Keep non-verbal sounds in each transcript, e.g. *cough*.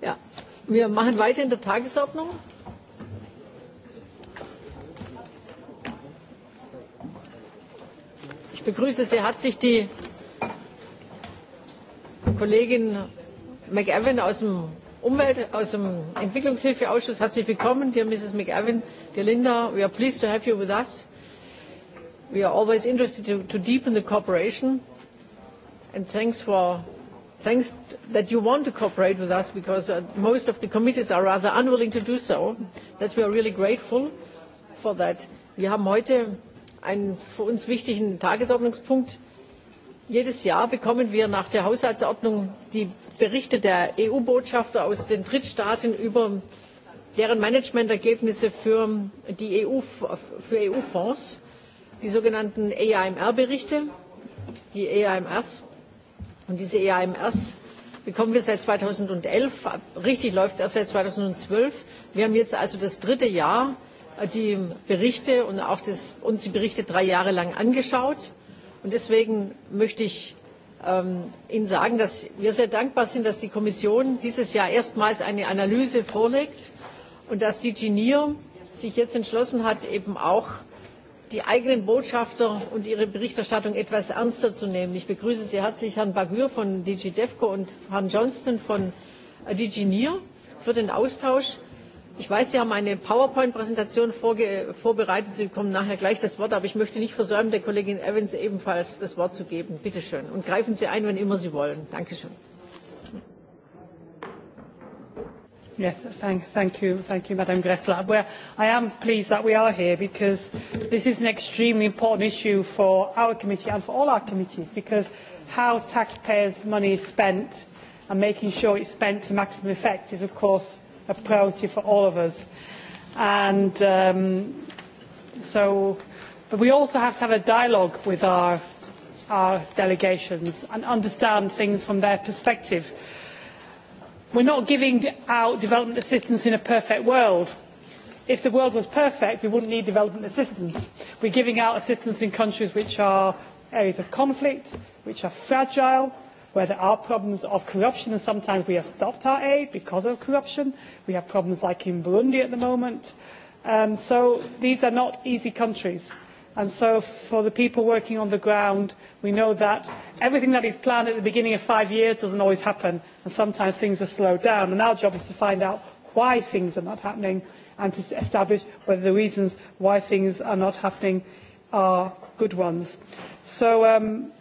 Ja, wir machen weiter in der Tagesordnung. Ich begrüße sehr herzlich die Kollegin McEwen aus dem Umwelt, aus dem Entwicklungshilfeausschuss. Herzlich willkommen, dear Mrs. McEwen, dear Linda. We are pleased to have you with us. We are always interested to, to deepen the cooperation. And thanks for thanks that you want to cooperate with us because uh, most of the committees are rather unwilling to do so. That we are really grateful for that. Wir haben heute einen für uns wichtigen Tagesordnungspunkt. Jedes Jahr bekommen wir nach der Haushaltsordnung die Berichte der EU-Botschafter aus den Drittstaaten über deren Managementergebnisse für die EU, für EU-Fonds, die sogenannten EAMR-Berichte, die EAMRs Und diese EAMRs bekommen wir seit 2011. Richtig läuft es erst seit 2012. Wir haben jetzt also das dritte Jahr äh, die Berichte und auch das, uns die Berichte drei Jahre lang angeschaut. Und deswegen möchte ich ähm, Ihnen sagen, dass wir sehr dankbar sind, dass die Kommission dieses Jahr erstmals eine Analyse vorlegt und dass die Genier sich jetzt entschlossen hat, eben auch die eigenen Botschafter und ihre Berichterstattung etwas ernster zu nehmen. Ich begrüße sehr herzlich Herrn Bagür von DG devco und Herrn Johnston von äh, DG near für den Austausch. Ich weiß, Sie haben eine PowerPoint-Präsentation vorbereitet. Sie bekommen nachher gleich das Wort, aber ich möchte nicht versäumen, der Kollegin Evans ebenfalls das Wort zu geben. Bitte schön. Und greifen Sie ein, wann immer Sie wollen. danke schön. Yes, thank, thank you, thank you, Madam Gressler. We're, I am pleased that we are here because this is an extremely important issue for our committee and for all our committees because how taxpayers' money is spent and making sure it's spent to maximum effect is, of course, a priority for all of us. And um, so, but we also have to have a dialogue with our, our delegations and understand things from their perspective We're not giving out development assistance in a perfect world. If the world was perfect, we wouldn't need development assistance. We're giving out assistance in countries which are areas of conflict, which are fragile, where there are problems of corruption, and sometimes we have stopped our aid because of corruption. We have problems like in Burundi at the moment. Um, so these are not easy countries. And so for the people working on the ground, we know that everything that is planned at the beginning of five years doesn't always happen, and sometimes things are slowed down. And our job is to find out why things are not happening and to establish whether the reasons why things are not happening are good ones. So um,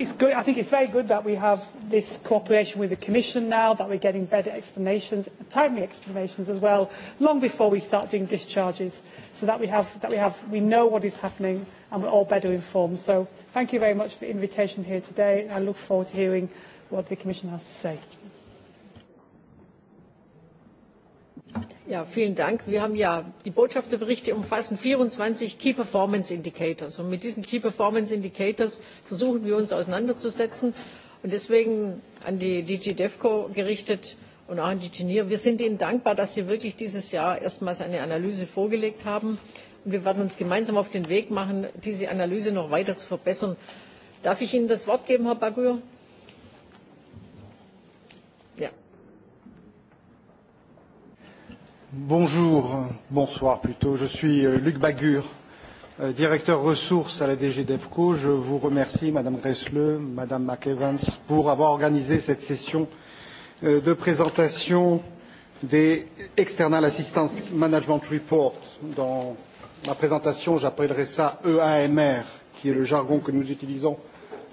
it's good. I think it's very good that we have this cooperation with the Commission now, that we're getting better explanations, timely explanations as well, long before we start doing discharges, so that we have that we have we know what is happening and we're all better informed. So thank you very much for the invitation here today. I look forward to hearing what the Commission has to say. Ja, vielen Dank. Wir haben ja, die Botschafterberichte umfassen 24 Key Performance Indicators. Und mit diesen Key Performance Indicators versuchen wir uns auseinanderzusetzen. Und deswegen an die DG DEFCO gerichtet und auch an die Genier. Wir sind Ihnen dankbar, dass Sie wirklich dieses Jahr erstmals eine Analyse vorgelegt haben. Und wir werden uns gemeinsam auf den Weg machen, diese Analyse noch weiter zu verbessern. Darf ich Ihnen das Wort geben, Herr Bagür? Bonjour, bonsoir plutôt. Je suis euh, Luc Bagur, euh, directeur ressources à la DG DEFCO. Je vous remercie, Madame Gressle, Madame McEvans, pour avoir organisé cette session euh, de présentation des External Assistance Management Report. Dans ma présentation, j'appellerai ça EAMR, qui est le jargon que nous utilisons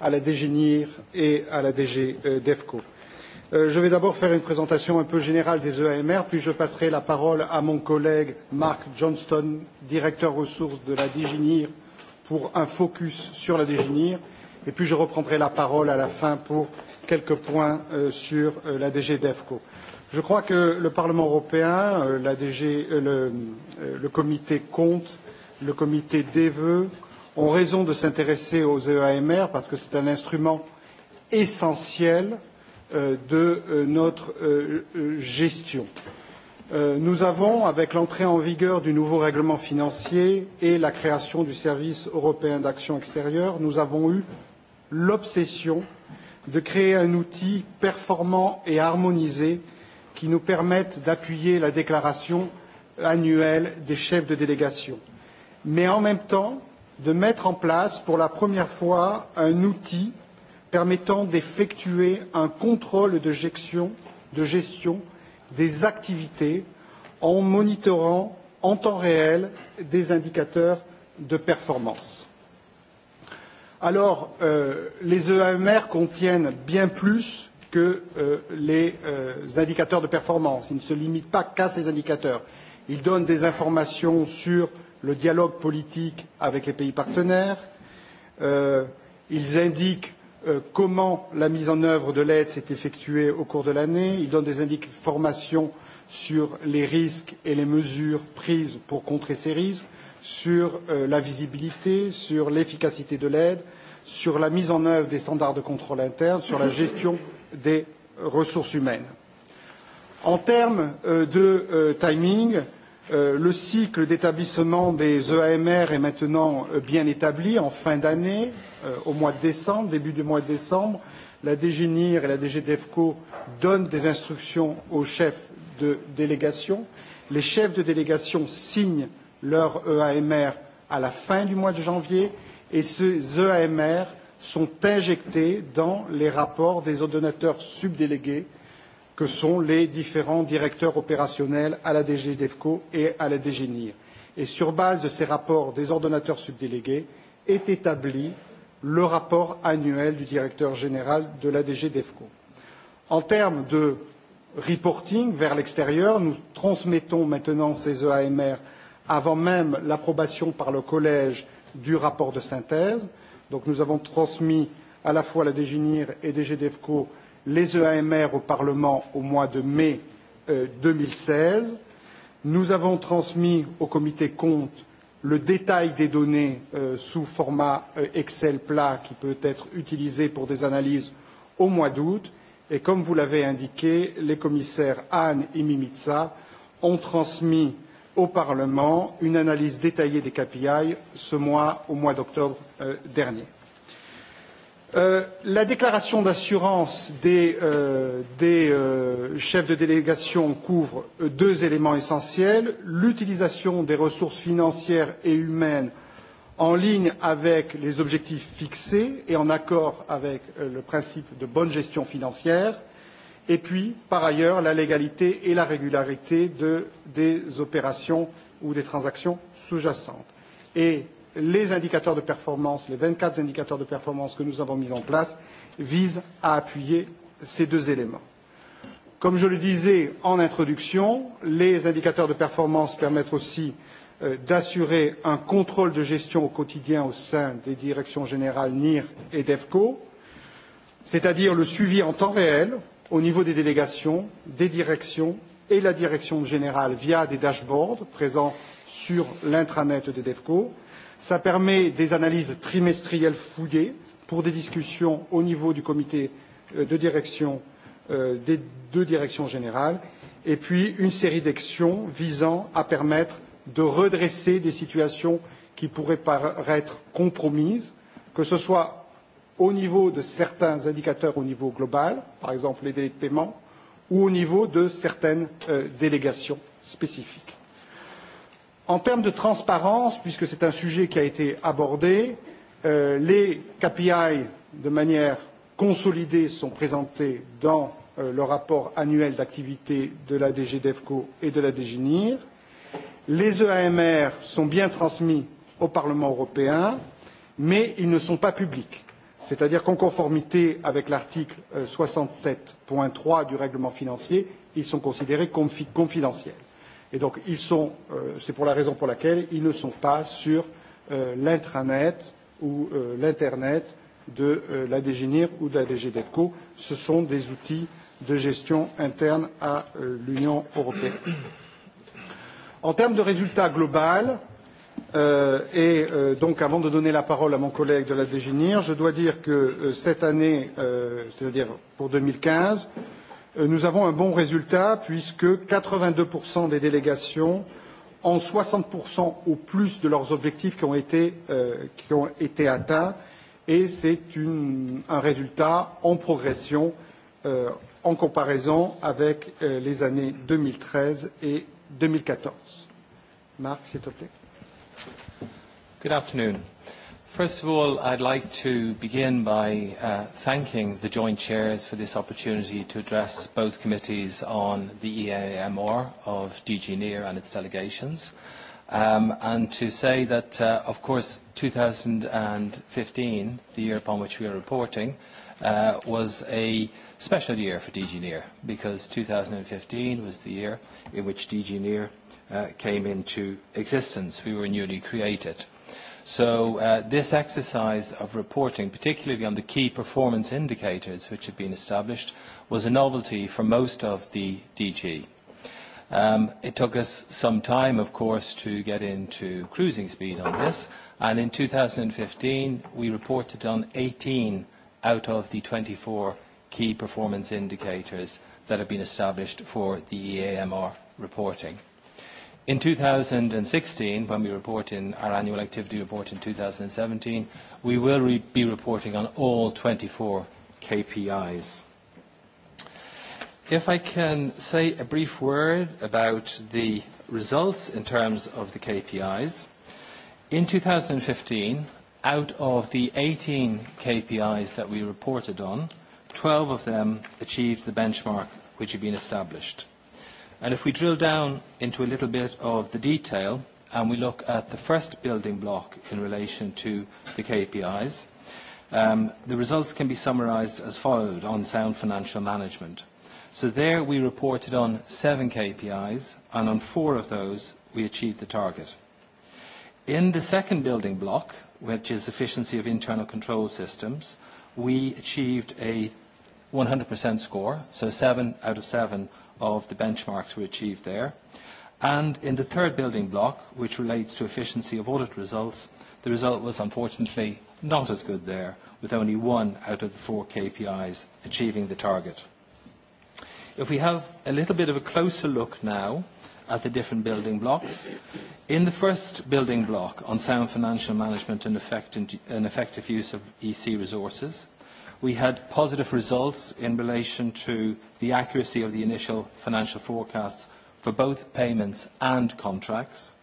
à la DG NIR et à la DG DEFCO. Euh, Euh, je vais d'abord faire une présentation un peu générale des EAMR, puis je passerai la parole à mon collègue Mark Johnston, directeur ressources de la DGNIR, pour un focus sur la DGNIR, et puis je reprendrai la parole à la fin pour quelques points euh, sur euh, la DG DEFCO. Je crois que le Parlement européen, la DG, le, le comité compte, le comité des vœux, ont raison de s'intéresser aux EAMR parce que c'est un instrument essentiel euh, Euh, de euh, notre euh, gestion. Nous avons, avec l'entrée en vigueur du nouveau règlement financier et la création du service européen d'action extérieure, nous avons eu l'obsession de créer un outil performant et harmonisé qui nous permette d'appuyer la déclaration annuelle des chefs de délégation, mais en même temps de mettre en place pour la première fois un outil permettant d'effectuer un contrôle de gestion, de gestion des activités en monitorant en temps réel des indicateurs de performance. Alors, euh, les EAMR contiennent bien plus que euh, les euh, indicateurs de performance. Ils ne se limitent pas qu'à ces indicateurs. Ils donnent des informations sur le dialogue politique avec les pays partenaires. Euh, ils indiquent Euh, comment la mise en œuvre de l'aide s'est effectuée au cours de l'année. Il donne des informations sur les risques et les mesures prises pour contrer ces risques, sur euh, la visibilité, sur l'efficacité de l'aide, sur la mise en œuvre des standards de contrôle interne, sur la gestion des ressources humaines. En termes euh, de timing, Euh, le cycle d'établissement des EAMR est maintenant euh, bien établi. En fin d'année, euh, au mois de décembre, début du mois de décembre, la DGNIR et la DGDEFCO donnent des instructions aux chefs de délégation. Les chefs de délégation signent leur EAMR à la fin du mois de janvier et ces EAMR sont injectés dans les rapports des ordonnateurs subdélégués que sont les différents directeurs opérationnels à la DG DEFCO et à la DG NIR. Et sur base de ces rapports des ordonnateurs subdélégués est établi le rapport annuel du directeur général de la DG DEFCO. En termes de reporting vers l'extérieur, nous transmettons maintenant ces EAMR avant même l'approbation par le collège du rapport de synthèse. Donc nous avons transmis à la fois la DG NIR et DG DEFCO les EAMR au Parlement au mois de mai euh, 2016. Nous avons transmis au comité compte le détail des données euh, sous format euh, Excel plat qui peut être utilisé pour des analyses au mois d'août. Et comme vous l'avez indiqué, les commissaires Hahn et Mimitsa ont transmis au Parlement une analyse détaillée des KPI ce mois, au mois d'octobre euh, dernier. Euh, la déclaration d'assurance des, euh, des euh, chefs de délégation couvre euh, deux éléments essentiels l'utilisation des ressources financières et humaines en ligne avec les objectifs fixés et en accord avec euh, le principe de bonne gestion financière et puis par ailleurs la légalité et la régularité de, des opérations ou des transactions sous jacentes. Et les indicateurs de performance, les 24 indicateurs de performance que nous avons mis en place, visent à appuyer ces deux éléments. Comme je le disais en introduction, les indicateurs de performance permettent aussi euh, d'assurer un contrôle de gestion au quotidien au sein des directions générales NIR et DEFCO, c'est-à-dire le suivi en temps réel au niveau des délégations, des directions et la direction générale via des dashboards présents sur l'intranet de DEFCO, Cela permet des analyses trimestrielles fouillées pour des discussions au niveau du comité euh, de direction euh, des deux directions générales et puis une série d'actions visant à permettre de redresser des situations qui pourraient paraître compromises, que ce soit au niveau de certains indicateurs au niveau global, par exemple les délais de paiement, ou au niveau de certaines euh, délégations spécifiques en termes de transparence puisque c'est un sujet qui a été abordé euh, les kpi de manière consolidée sont présentés dans euh, le rapport annuel d'activité de la dg devco et de la dg nir les eamr sont bien transmis au parlement européen mais ils ne sont pas publics c'est à dire qu'en conformité avec l'article euh, soixante sept paragraphe trois du règlement financier ils sont considérés comme confidentiels. Et donc, ils sont, euh, c'est pour la raison pour laquelle ils ne sont pas sur euh, l'intranet ou euh, l'Internet de euh, la DGNIR ou de la DGDEFCO. Ce sont des outils de gestion interne à euh, l'Union européenne. En termes de résultats global, euh, et euh, donc avant de donner la parole à mon collègue de la DGNIR, je dois dire que euh, cette année, euh, c'est-à-dire pour 2015, Euh, nous avons un bon résultat puisque 82% des délégations ont 60% au plus de leurs objectifs qui ont été, euh, qui ont été atteints et c'est un résultat en progression euh, en comparaison avec euh, les années 2013 et 2014. Marc, s'il te plaît. Good afternoon. First of all, I'd like to begin by uh, thanking the Joint Chairs for this opportunity to address both committees on the EAMR of DG NIR and its delegations, um, and to say that, uh, of course, 2015, the year upon which we are reporting, uh, was a special year for DG NIR because 2015 was the year in which DG NIR uh, came into existence. We were newly created. So uh, this exercise of reporting, particularly on the key performance indicators which have been established, was a novelty for most of the DG. Um, it took us some time, of course, to get into cruising speed on this, and in 2015 we reported on 18 out of the 24 key performance indicators that have been established for the EAMR reporting. In 2016, when we report in our annual activity report in 2017, we will be reporting on all 24 KPIs. If I can say a brief word about the results in terms of the KPIs. In 2015, out of the 18 KPIs that we reported on, 12 of them achieved the benchmark which had been established. And if we drill down into a little bit of the detail and we look at the first building block in relation to the KPIs, um, the results can be summarised as followed on sound financial management. So there we reported on seven KPIs and on four of those we achieved the target. In the second building block, which is efficiency of internal control systems, we achieved a 100% score, so seven out of seven of the benchmarks we achieved there. in the third building block, which relates to efficiency of audit results, the result was unfortunately not as good there, with only one out of the four KPIs achieving the target. If we have a little bit of a closer look now at the different building blocks, in the first building block on sound financial management and effective use of EC resources, We had positive results in relation to the accuracy of the initial financial forecasts for both payments and contracts.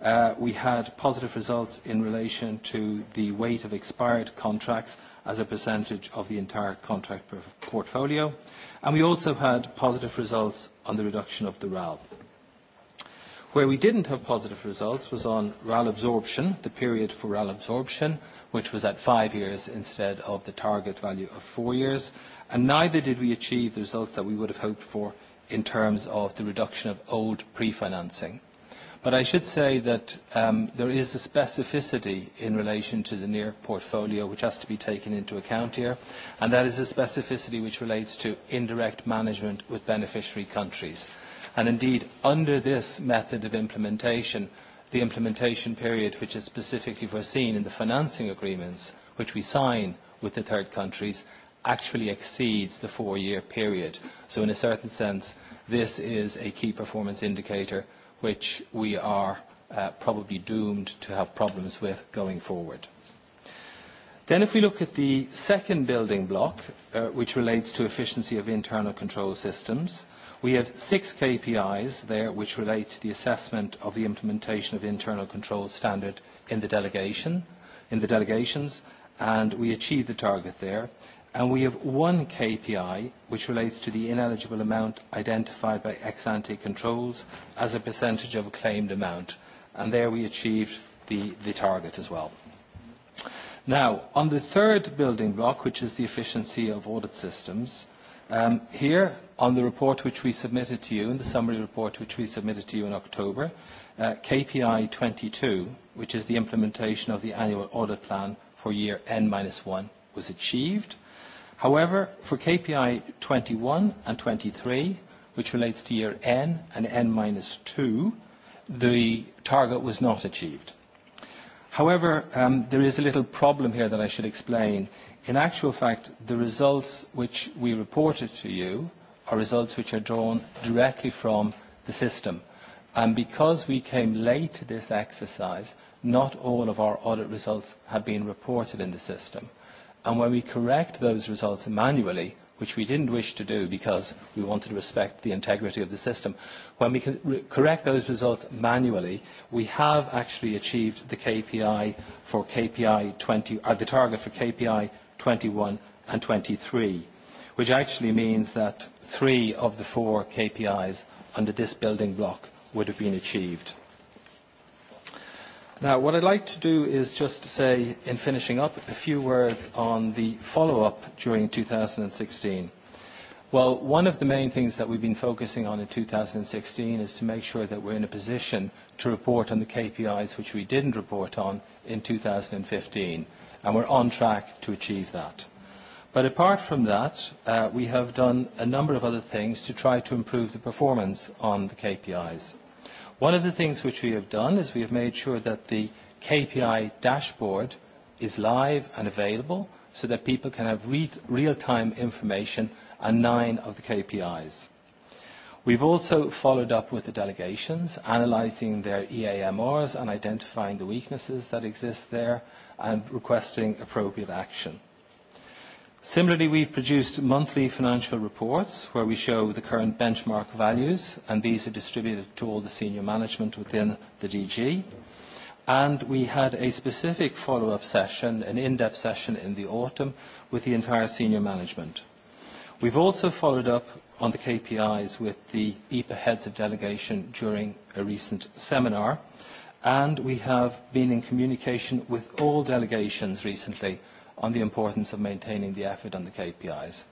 Uh, we had positive results in relation to the weight of expired contracts as a percentage of the entire contract portfolio. And we also had positive results on the reduction of the RAL. Where we didn't have positive results was on RAL absorption, the period for RAL absorption, which was at five years instead of the target value of four years. And neither did we achieve the results that we would have hoped for in terms of the reduction of old pre-financing. But I should say that um, there is a specificity in relation to the near portfolio which has to be taken into account here, and that is a specificity which relates to indirect management with beneficiary countries. And indeed, under this method of implementation, the implementation period which is specifically foreseen in the financing agreements which we sign with the third countries actually exceeds the four-year period. So in a certain sense, this is a key performance indicator which we are uh, probably doomed to have problems with going forward. Then if we look at the second building block, uh, which relates to efficiency of internal control systems, uh, We had six KPIs there which relate to the assessment of the implementation of the internal control standard in the delegation, in the delegations, and we achieved the target there. And we have one KPI which relates to the ineligible amount identified by ex-ante controls as a percentage of a claimed amount. And there we achieved the, the target as well. Now, on the third building block, which is the efficiency of audit systems, Um, here, on the report which we submitted to you, in the summary report which we submitted to you in October, uh, KPI 22, which is the implementation of the annual audit plan for year N-1, was achieved. However, for KPI 21 and 23, which relates to year N and N-2, the target was not achieved. However, um, there is a little problem here that I should explain In actual fact, the results which we reported to you are results which are drawn directly from the system. And because we came late to this exercise, not all of our audit results have been reported in the system. And when we correct those results manually, which we didn't wish to do because we wanted to respect the integrity of the system. When we correct those results manually, we have actually achieved the KPI for KPI 20, or the target for KPI 21 and 23, which actually means that three of the four KPIs under this building block would have been achieved. Now, what I'd like to do is just to say, in finishing up, a few words on the follow-up during 2016. Well, one of the main things that we've been focusing on in 2016 is to make sure that we're in a position to report on the KPIs which we didn't report on in 2015 and we're on track to achieve that. But apart from that, uh, we have done a number of other things to try to improve the performance on the KPIs. One of the things which we have done is we have made sure that the KPI dashboard is live and available so that people can have re real-time information on nine of the KPIs. We've also followed up with the delegations, analysing their EAMRs and identifying the weaknesses that exist there and requesting appropriate action. Similarly, we've produced monthly financial reports where we show the current benchmark values, and these are distributed to all the senior management within the DG. And we had a specific follow-up session, an in-depth session in the autumn with the entire senior management. We've also followed up on the KPIs with the EPA heads of delegation during a recent seminar. And we have been in communication with all delegations recently on the importance of maintaining the effort on the KPIs.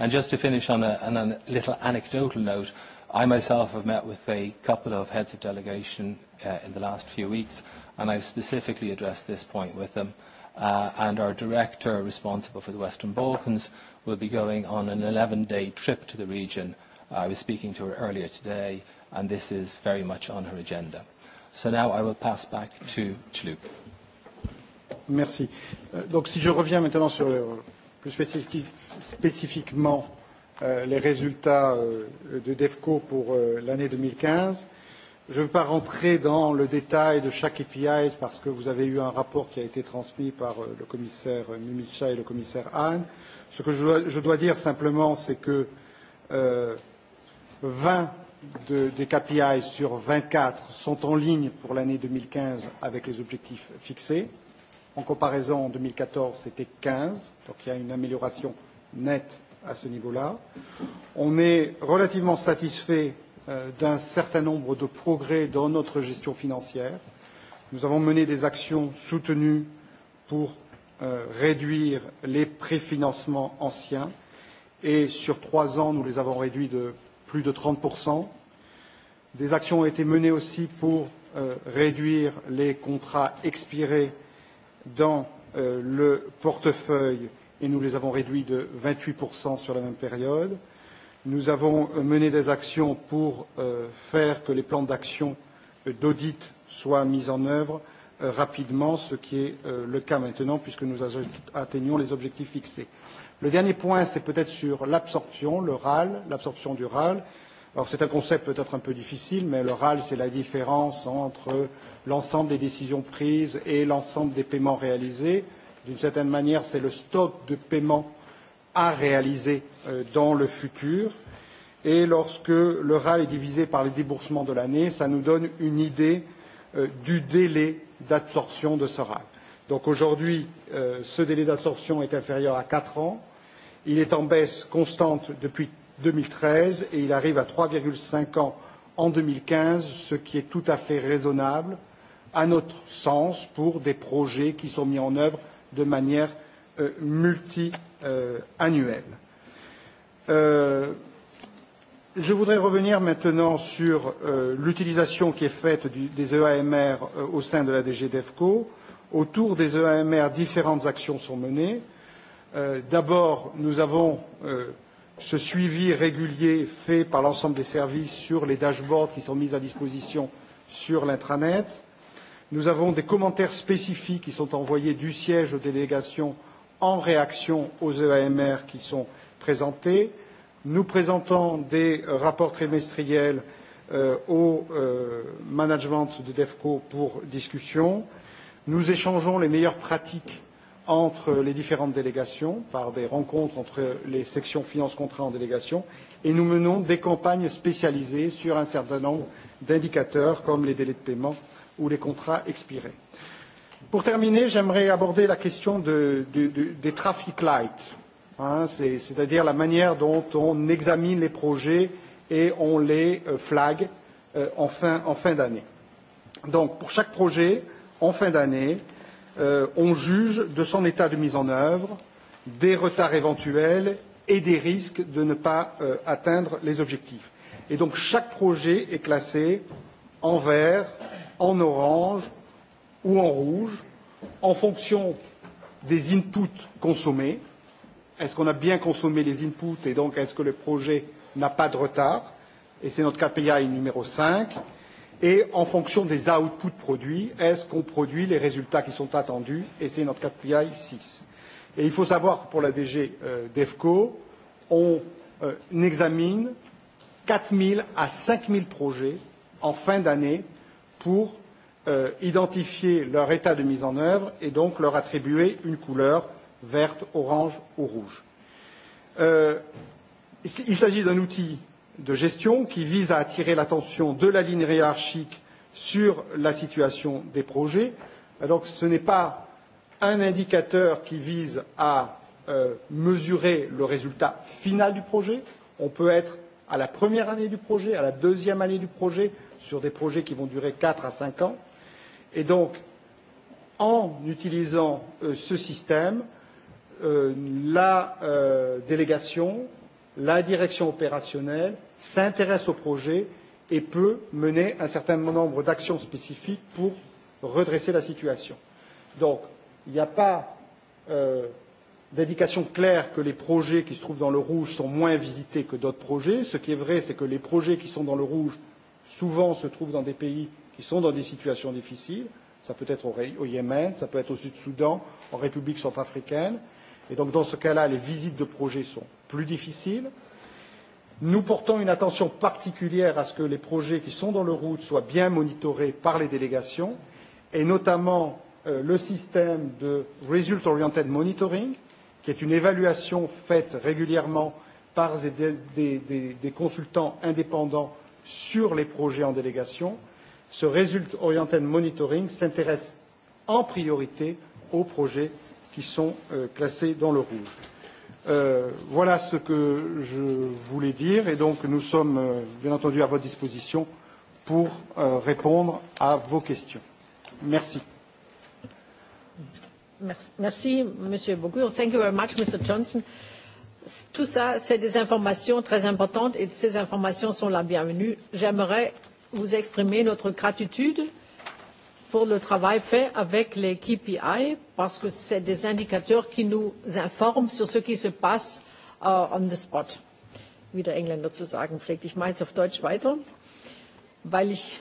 And just to finish on a, on a little anecdotal note, I myself have met with a couple of heads of delegation uh, in the last few weeks, and I specifically addressed this point with them. Uh, and our director responsible for the Western Balkans will be going on an 11-day trip to the region. I was speaking to her earlier today, and this is very much on her agenda. So now I will pass back to, to Luke. Merci. Euh, donc si je reviens maintenant sur le, plus spécifique, spécifiquement uh, les résultats uh, de DEFCO pour uh, l'année 2015, je ne veux pas rentrer dans le détail de chaque API parce que vous avez eu un rapport qui a été transmis par euh, le commissaire euh, Mimicha et le commissaire Anne. Euh, Ce que je dois, je dois dire simplement, c'est que euh, 20 de, des KPI sur 24 sont en ligne pour l'année 2015 avec les objectifs fixés. En comparaison, en 2014, c'était 15, donc il y a une amélioration nette à ce niveau-là. On est relativement satisfait euh, d'un certain nombre de progrès dans notre gestion financière. Nous avons mené des actions soutenues pour Euh, réduire les préfinancements anciens et sur trois ans, nous les avons réduits de plus de 30 Des actions ont été menées aussi pour euh, réduire les contrats expirés dans euh, le portefeuille et nous les avons réduits de 28 sur la même période. Nous avons mené des actions pour faire que les plans d'action d'audit soient mis en œuvre Euh, rapidement, ce qui est euh, le cas maintenant puisque nous atteignons les objectifs fixés. Le dernier point, c'est peut-être sur l'absorption, le RAL, l'absorption du RAL. Alors c'est un concept peut-être un peu difficile, mais le RAL, c'est la différence entre l'ensemble des décisions prises et l'ensemble des paiements réalisés. D'une certaine manière, c'est le stock de paiements à réaliser euh, dans le futur. Et lorsque le RAL est divisé par les déboursements de l'année, ça nous donne une idée du délai d'absorption de ce RAC. Donc aujourd'hui, euh, ce délai d'absorption est inférieur à 4 ans. Il est en baisse constante depuis 2013 et il arrive à 3,5 ans en 2015, ce qui est tout à fait raisonnable à notre sens pour des projets qui sont mis en œuvre de manière euh, multi-annuelle. Euh, Euh, Je voudrais revenir maintenant sur euh, l'utilisation qui est faite du, des EAMR euh, au sein de la DG DEFCO. Autour des EAMR, différentes actions sont menées. Euh, D'abord, nous avons euh, ce suivi régulier fait par l'ensemble des services sur les dashboards qui sont mis à disposition sur l'intranet. Nous avons des commentaires spécifiques qui sont envoyés du siège aux délégations en réaction aux EAMR qui sont présentés. Nous présentons des euh, rapports trimestriels euh, au euh, management de DEFCO pour discussion. Nous échangeons les meilleures pratiques entre les différentes délégations par des rencontres entre les sections finances contrats en délégation et nous menons des campagnes spécialisées sur un certain nombre d'indicateurs comme les délais de paiement ou les contrats expirés. Pour terminer, j'aimerais aborder la question de, de, de, des traffic lights hein, c'est-à-dire la manière dont on examine les projets et on les euh, flague euh, en fin, en fin d'année. Donc pour chaque projet, en fin d'année, euh, on juge de son état de mise en œuvre, des retards éventuels et des risques de ne pas euh, atteindre les objectifs. Et donc chaque projet est classé en vert, en orange ou en rouge en fonction des inputs consommés Est-ce qu'on a bien consommé les inputs et donc est-ce que le projet n'a pas de retard Et c'est notre KPI numéro 5. Et en fonction des outputs produits, est-ce qu'on produit les résultats qui sont attendus Et c'est notre KPI 6. Et il faut savoir que pour la DG euh, DEFCO, on euh, examine 4 000 à 5 000 projets en fin d'année pour euh, identifier leur état de mise en œuvre et donc leur attribuer une couleur verte, orange ou rouge. Euh, il s'agit d'un outil de gestion qui vise à attirer l'attention de la ligne hiérarchique sur la situation des projets. Donc ce n'est pas un indicateur qui vise à euh, mesurer le résultat final du projet. On peut être à la première année du projet, à la deuxième année du projet, sur des projets qui vont durer 4 à 5 ans. Et donc, en utilisant euh, ce système, euh, Euh, la euh, délégation, la direction opérationnelle s'intéresse au projet et peut mener un certain nombre d'actions spécifiques pour redresser la situation. Donc, il n'y a pas euh, d'indication claire que les projets qui se trouvent dans le rouge sont moins visités que d'autres projets. Ce qui est vrai, c'est que les projets qui sont dans le rouge souvent se trouvent dans des pays qui sont dans des situations difficiles. Ça peut être au, au Yémen, ça peut être au Sud-Soudan, en République centrafricaine. Et donc dans ce cas-là, les visites de projet sont plus difficiles. Nous portons une attention particulière à ce que les projets qui sont dans le route soient bien monitorés par les délégations et notamment euh, le système de Result Oriented Monitoring, qui est une évaluation faite régulièrement par des, des, des, des consultants indépendants sur les projets en délégation. Ce Result Oriented Monitoring s'intéresse en priorité aux projets qui sont euh, classés dans le rouge. Euh, voilà ce que je voulais dire et donc nous sommes euh, bien entendu à votre disposition pour euh, répondre à vos questions. Merci. Merci, merci Monsieur Bourgour. Thank you very much, Mr. Johnson. Tout ça, c'est des informations très importantes et ces informations sont la bienvenue. J'aimerais vous exprimer notre gratitude euh, pour le travail fait avec les KPI, parce que c'est des indicateurs qui nous informent sur ce qui se passe uh, on the spot. Wie der Engländer zu sagen pflegt. Ich mache jetzt auf Deutsch weiter, weil ich,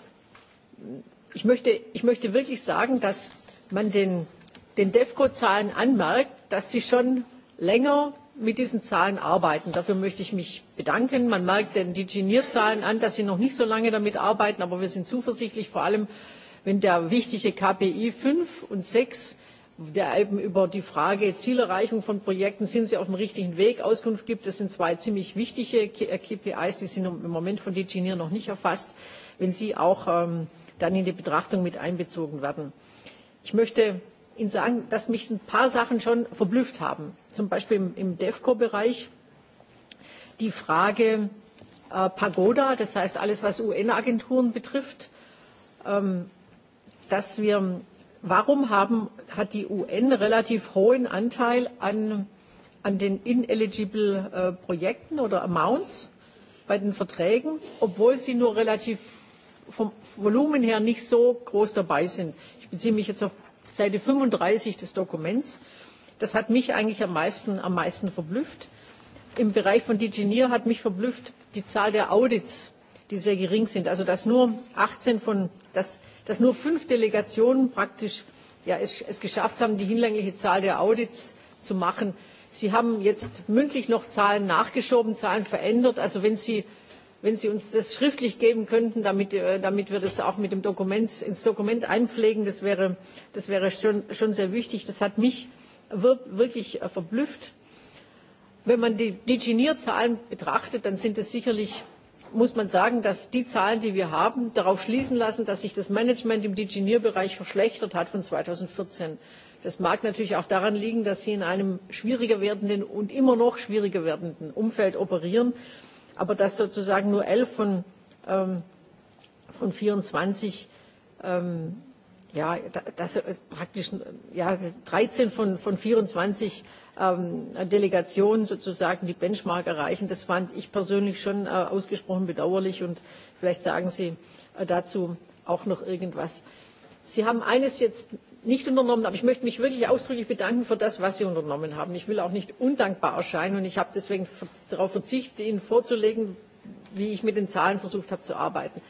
ich, möchte, ich möchte wirklich sagen, dass man den, den DEFCO-Zahlen anmerkt, dass sie schon länger mit diesen Zahlen arbeiten. Dafür möchte ich mich bedanken. Man merkt den Diginier-Zahlen an, dass sie noch nicht so lange damit arbeiten, aber wir sind zuversichtlich, vor allem wenn der wichtige KPI fünf und sechs der eben über die Frage Zielerreichung von Projekten, sind sie auf dem richtigen Weg, Auskunft gibt. Das sind zwei ziemlich wichtige KPIs, äh, die sind im Moment von DGNIR noch nicht erfasst, wenn sie auch ähm, dann in die Betrachtung mit einbezogen werden. Ich möchte Ihnen sagen, dass mich ein paar Sachen schon verblüfft haben. Zum Beispiel im, im DEFCO-Bereich die Frage äh, Pagoda, das heißt alles, was UN-Agenturen betrifft. Ähm, dass wir, warum haben, hat die UN relativ hohen Anteil an, an den ineligible äh, Projekten oder Amounts bei den Verträgen, obwohl sie nur relativ vom Volumen her nicht so groß dabei sind. Ich beziehe mich jetzt auf Seite 35 des Dokuments. Das hat mich eigentlich am meisten, am meisten verblüfft. Im Bereich von Digineer hat mich verblüfft die Zahl der Audits, die sehr gering sind. Also dass nur 18 von, dass dass nur fünf Delegationen praktisch ja, es, es geschafft haben, die hinlängliche Zahl der Audits zu machen. Sie haben jetzt mündlich noch Zahlen nachgeschoben, Zahlen verändert. Also wenn Sie, wenn Sie uns das schriftlich geben könnten, damit, äh, damit wir das auch mit dem Dokument, ins Dokument einpflegen, das wäre, das wäre schon, schon sehr wichtig. Das hat mich wirklich äh, verblüfft. Wenn man die DG NIR-Zahlen betrachtet, dann sind es sicherlich muss man sagen, dass die Zahlen, die wir haben, darauf schließen lassen, dass sich das Management im Digineer-Bereich verschlechtert hat von 2014. Das mag natürlich auch daran liegen, dass sie in einem schwieriger werdenden und immer noch schwieriger werdenden Umfeld operieren, aber dass sozusagen nur elf von, ähm, von 24 ähm, ja, das praktisch ja, 13 von, von 24 Ähm, Delegation sozusagen die Benchmark erreichen. Das fand ich persönlich schon äh, ausgesprochen bedauerlich und vielleicht sagen Sie äh, dazu auch noch irgendwas. Sie haben eines jetzt nicht unternommen, aber ich möchte mich wirklich ausdrücklich bedanken für das, was Sie unternommen haben. Ich will auch nicht undankbar erscheinen und ich habe deswegen darauf verzichtet, Ihnen vorzulegen, wie ich mit den Zahlen versucht habe zu arbeiten.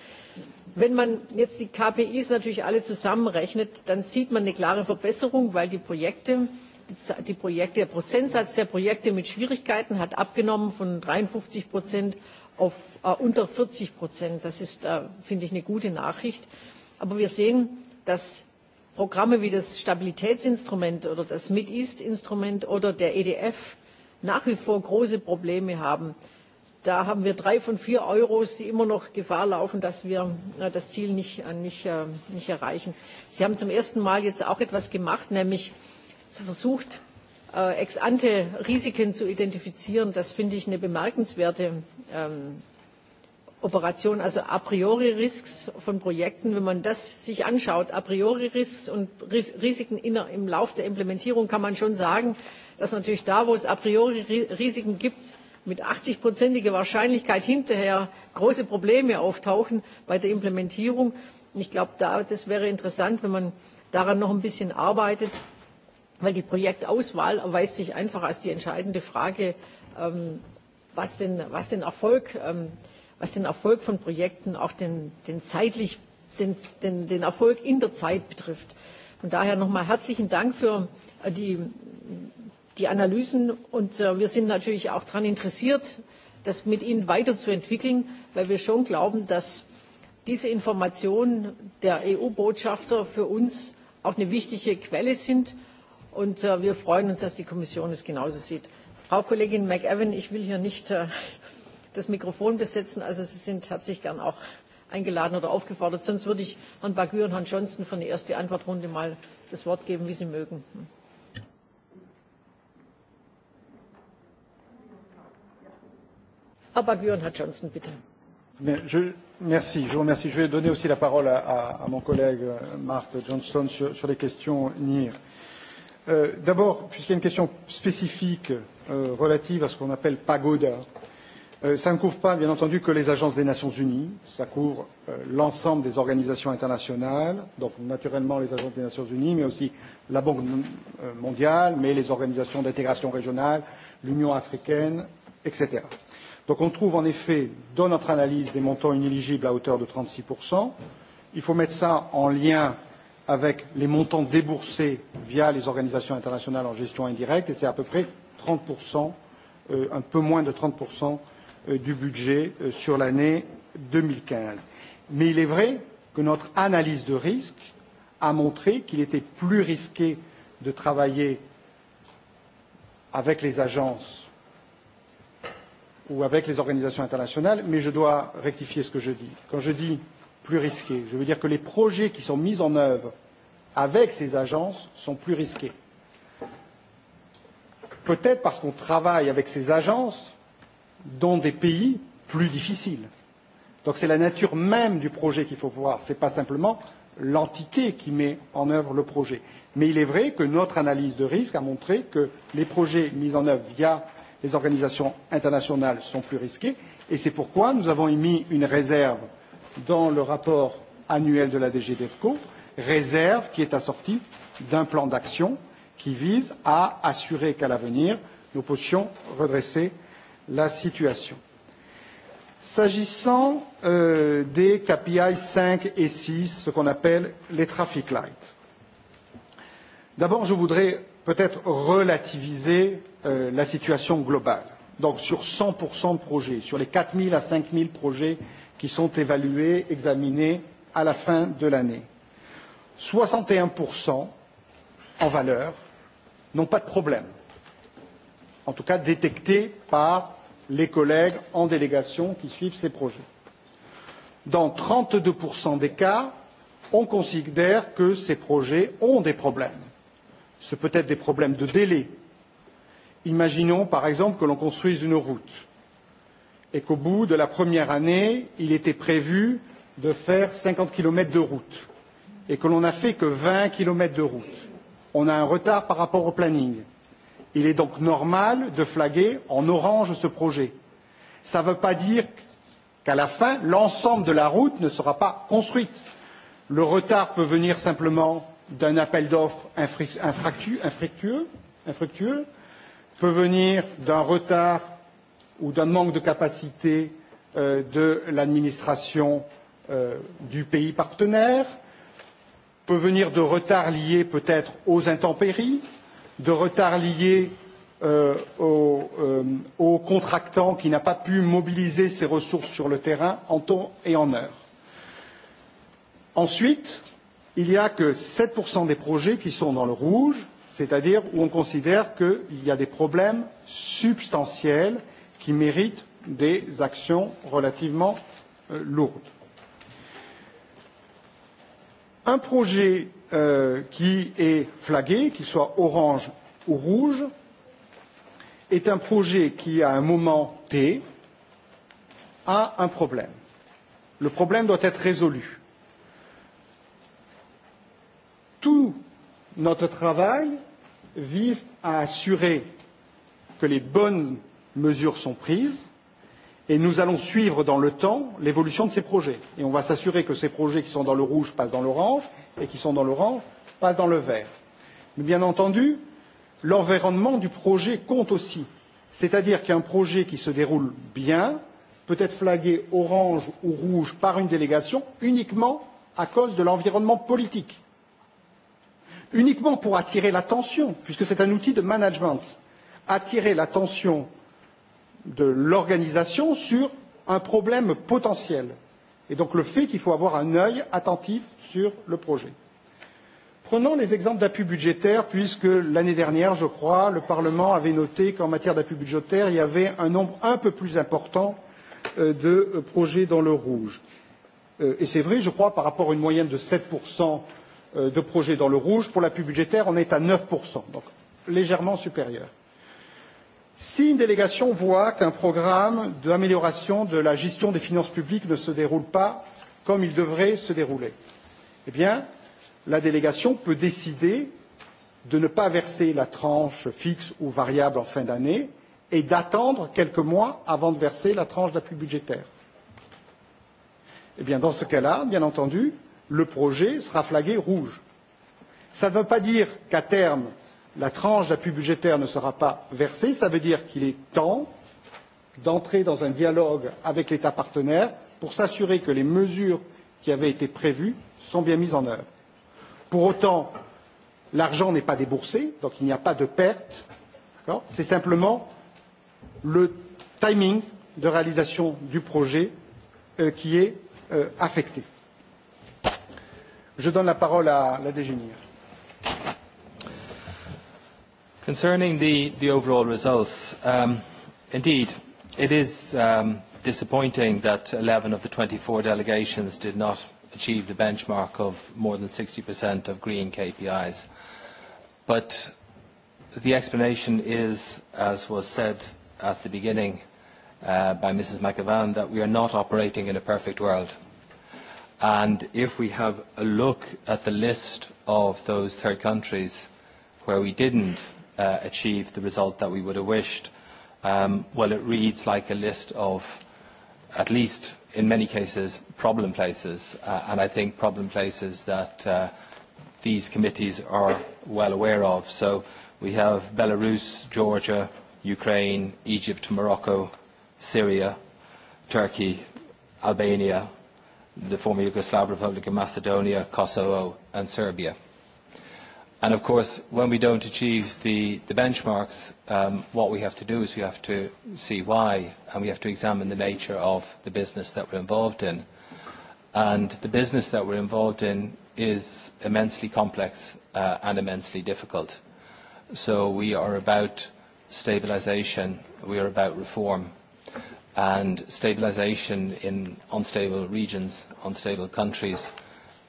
Wenn man jetzt die KPIs natürlich alle zusammenrechnet, dann sieht man eine klare Verbesserung, weil die Projekte der Prozentsatz der Projekte mit Schwierigkeiten hat abgenommen von dreiundfünfzig auf äh, unter vierzig Das ist, äh, finde ich, eine gute Nachricht. Aber wir sehen, dass Programme wie das Stabilitätsinstrument oder das mid east instrument oder der EDF nach wie vor große Probleme haben. Da haben wir drei von vier Euros, die immer noch Gefahr laufen, dass wir äh, das Ziel nicht, nicht erreichen. Sie haben zum ersten Mal jetzt auch etwas gemacht, nämlich versucht, äh, ex ante Risiken zu identifizieren. Das finde ich eine bemerkenswerte ähm, Operation, also a priori Risks von Projekten. Wenn man das sich anschaut, a priori Risks und Ris Risiken in, im Lauf der Implementierung, kann man schon sagen, dass natürlich da, wo es a priori Risiken gibt, mit 80-prozentiger Wahrscheinlichkeit hinterher große Probleme auftauchen bei der Implementierung. ich glaube, da, das wäre interessant, wenn man daran noch ein bisschen arbeitet weil die Projektauswahl erweist sich einfach als die entscheidende Frage, ähm, was, den, was, den Erfolg, ähm, was den Erfolg von Projekten, auch den, den zeitlich, den, den, den Erfolg in der Zeit betrifft. Von daher nochmal herzlichen Dank für äh, die, die Analysen und äh, wir sind natürlich auch daran interessiert, das mit Ihnen weiterzuentwickeln, weil wir schon glauben, dass diese Informationen der EU-Botschafter für uns auch eine wichtige Quelle sind Und äh, wir freuen uns, dass die Kommission es genauso sieht. Frau Kollegin McEwen, ich will hier nicht äh, *laughs* das Mikrofon besetzen. Also Sie sind herzlich gern auch eingeladen oder aufgefordert. Sonst würde ich Herrn Bagür und Herrn Johnson für eine erste Antwortrunde mal das Wort geben, wie Sie mögen. Hm. Herr Bagür und Herr Johnson, bitte. Je, merci, je vous remercie. Je vais donner aussi la parole à, à mon collègue euh, Mark Johnston sur, sur les questions NIR. Euh, Euh, d'abord, puisqu'il y a une question spécifique euh, relative à ce qu'on appelle pagoda, euh, ça ne couvre pas, bien entendu, que les agences des Nations Unies, ça couvre euh, l'ensemble des organisations internationales, donc naturellement les agences des Nations Unies, mais aussi la Banque euh, mondiale, mais les organisations d'intégration régionale, l'Union africaine, etc. Donc on trouve en effet dans notre analyse des montants inéligibles à hauteur de 36%. Il faut mettre ça en lien avec les montants déboursés via les organisations internationales en gestion indirecte, et c'est à peu près 30%, euh, un peu moins de 30% euh, du budget euh, sur l'année 2015. Mais il est vrai que notre analyse de risque a montré qu'il était plus risqué de travailler avec les agences ou avec les organisations internationales, mais je dois rectifier ce que je dis. Quand je dis plus risqués. Je veux dire que les projets qui sont mis en œuvre avec ces agences sont plus risqués. Peut-être parce qu'on travaille avec ces agences dans des pays plus difficiles. Donc c'est la nature même du projet qu'il faut voir, ce n'est pas simplement l'entité qui met en œuvre le projet. Mais il est vrai que notre analyse de risque a montré que les projets mis en œuvre via les organisations internationales sont plus risqués et c'est pourquoi nous avons émis une réserve euh, dans le rapport annuel de la DG DEFCO, réserve qui est assortie d'un plan d'action qui vise à assurer qu'à l'avenir, nous puissions redresser la situation. S'agissant euh, des KPI 5 et 6, ce qu'on appelle les traffic lights, d'abord je voudrais peut-être relativiser euh, la situation globale. Donc sur 100% de projets, sur les 4 000 à 5 000 projets qui sont évalués, examinés à la fin de l'année. 61% en valeur n'ont pas de problème, en tout cas détectés par les collègues en délégation qui suivent ces projets. Dans 32% des cas, on considère que ces projets ont des problèmes. Ce peut être des problèmes de délai. Imaginons par exemple que l'on construise une route et qu'au bout de la première année, il était prévu de faire 50 km de route et que l'on n'a fait que 20 km de route. On a un retard par rapport au planning. Il est donc normal de flaguer en orange ce projet. Ça ne veut pas dire qu'à la fin, l'ensemble de la route ne sera pas construite. Le retard peut venir simplement d'un appel d'offres infructueux, infructueux, peut venir d'un retard ou d'un manque de capacité euh, de l'administration euh, du pays partenaire, peut venir de retards liés peut-être aux intempéries, de retards liés euh, au, contractant qui n'a pas pu mobiliser ses ressources sur le terrain en temps et en heure. Ensuite, il n'y a que 7% des projets qui sont dans le rouge, c'est-à-dire où on considère qu'il y a des problèmes substantiels qui méritent des actions relativement euh, lourdes. Un projet euh, qui est flagué, qu'il soit orange ou rouge, est un projet qui, à un moment T, a un problème. Le problème doit être résolu. Tout notre travail vise à assurer que les bonnes mesures sont prises et nous allons suivre dans le temps l'évolution de ces projets. Et on va s'assurer que ces projets qui sont dans le rouge passent dans l'orange et qui sont dans l'orange passent dans le vert. Mais bien entendu, l'environnement du projet compte aussi. C'est-à-dire qu'un projet qui se déroule bien peut être flagué orange ou rouge par une délégation uniquement à cause de l'environnement politique. Uniquement pour attirer l'attention, puisque c'est un outil de management. Attirer l'attention de l'organisation sur un problème potentiel. Et donc le fait qu'il faut avoir un œil attentif sur le projet. Prenons les exemples d'appui budgétaire, puisque l'année dernière, je crois, le Parlement avait noté qu'en matière d'appui budgétaire, il y avait un nombre un peu plus important euh, de euh, projets dans le rouge. Euh, et c'est vrai, je crois, par rapport à une moyenne de 7% de projets dans le rouge, pour l'appui budgétaire, on est à 9%, donc légèrement supérieur. Si une délégation voit qu'un programme d'amélioration de la gestion des finances publiques ne se déroule pas comme il devrait se dérouler, eh bien, la délégation peut décider de ne pas verser la tranche fixe ou variable en fin d'année et d'attendre quelques mois avant de verser la tranche d'appui budgétaire. Eh bien, dans ce cas-là, bien entendu, le projet sera flagué rouge. Ça ne veut pas dire qu'à terme, la tranche d'appui budgétaire ne sera pas versée, ça veut dire qu'il est temps d'entrer dans un dialogue avec l'État partenaire pour s'assurer que les mesures qui avaient été prévues sont bien mises en œuvre. Pour autant, l'argent n'est pas déboursé, donc il n'y a pas de perte. C'est simplement le timing de réalisation du projet euh, qui est euh, affecté. Je donne la parole à la DGNIR. Concerning the, the overall results, um, indeed, it is um, disappointing that 11 of the 24 delegations did not achieve the benchmark of more than 60% of green KPIs. But the explanation is, as was said at the beginning uh, by Mrs. McAvan, that we are not operating in a perfect world. And if we have a look at the list of those third countries where we didn't Uh, achieved achieve the result that we would have wished. Um, well, it reads like a list of, at least in many cases, problem places, uh, and I think problem places that uh, these committees are well aware of. So we have Belarus, Georgia, Ukraine, Egypt, Morocco, Syria, Turkey, Albania, the former Yugoslav Republic of Macedonia, Kosovo, and Serbia. And of course, when we don't achieve the, the benchmarks, um, what we have to do is we have to see why, and we have to examine the nature of the business that we're involved in. And the business that we're involved in is immensely complex uh, and immensely difficult. So we are about stabilization, we are about reform, and stabilization in unstable regions, unstable countries,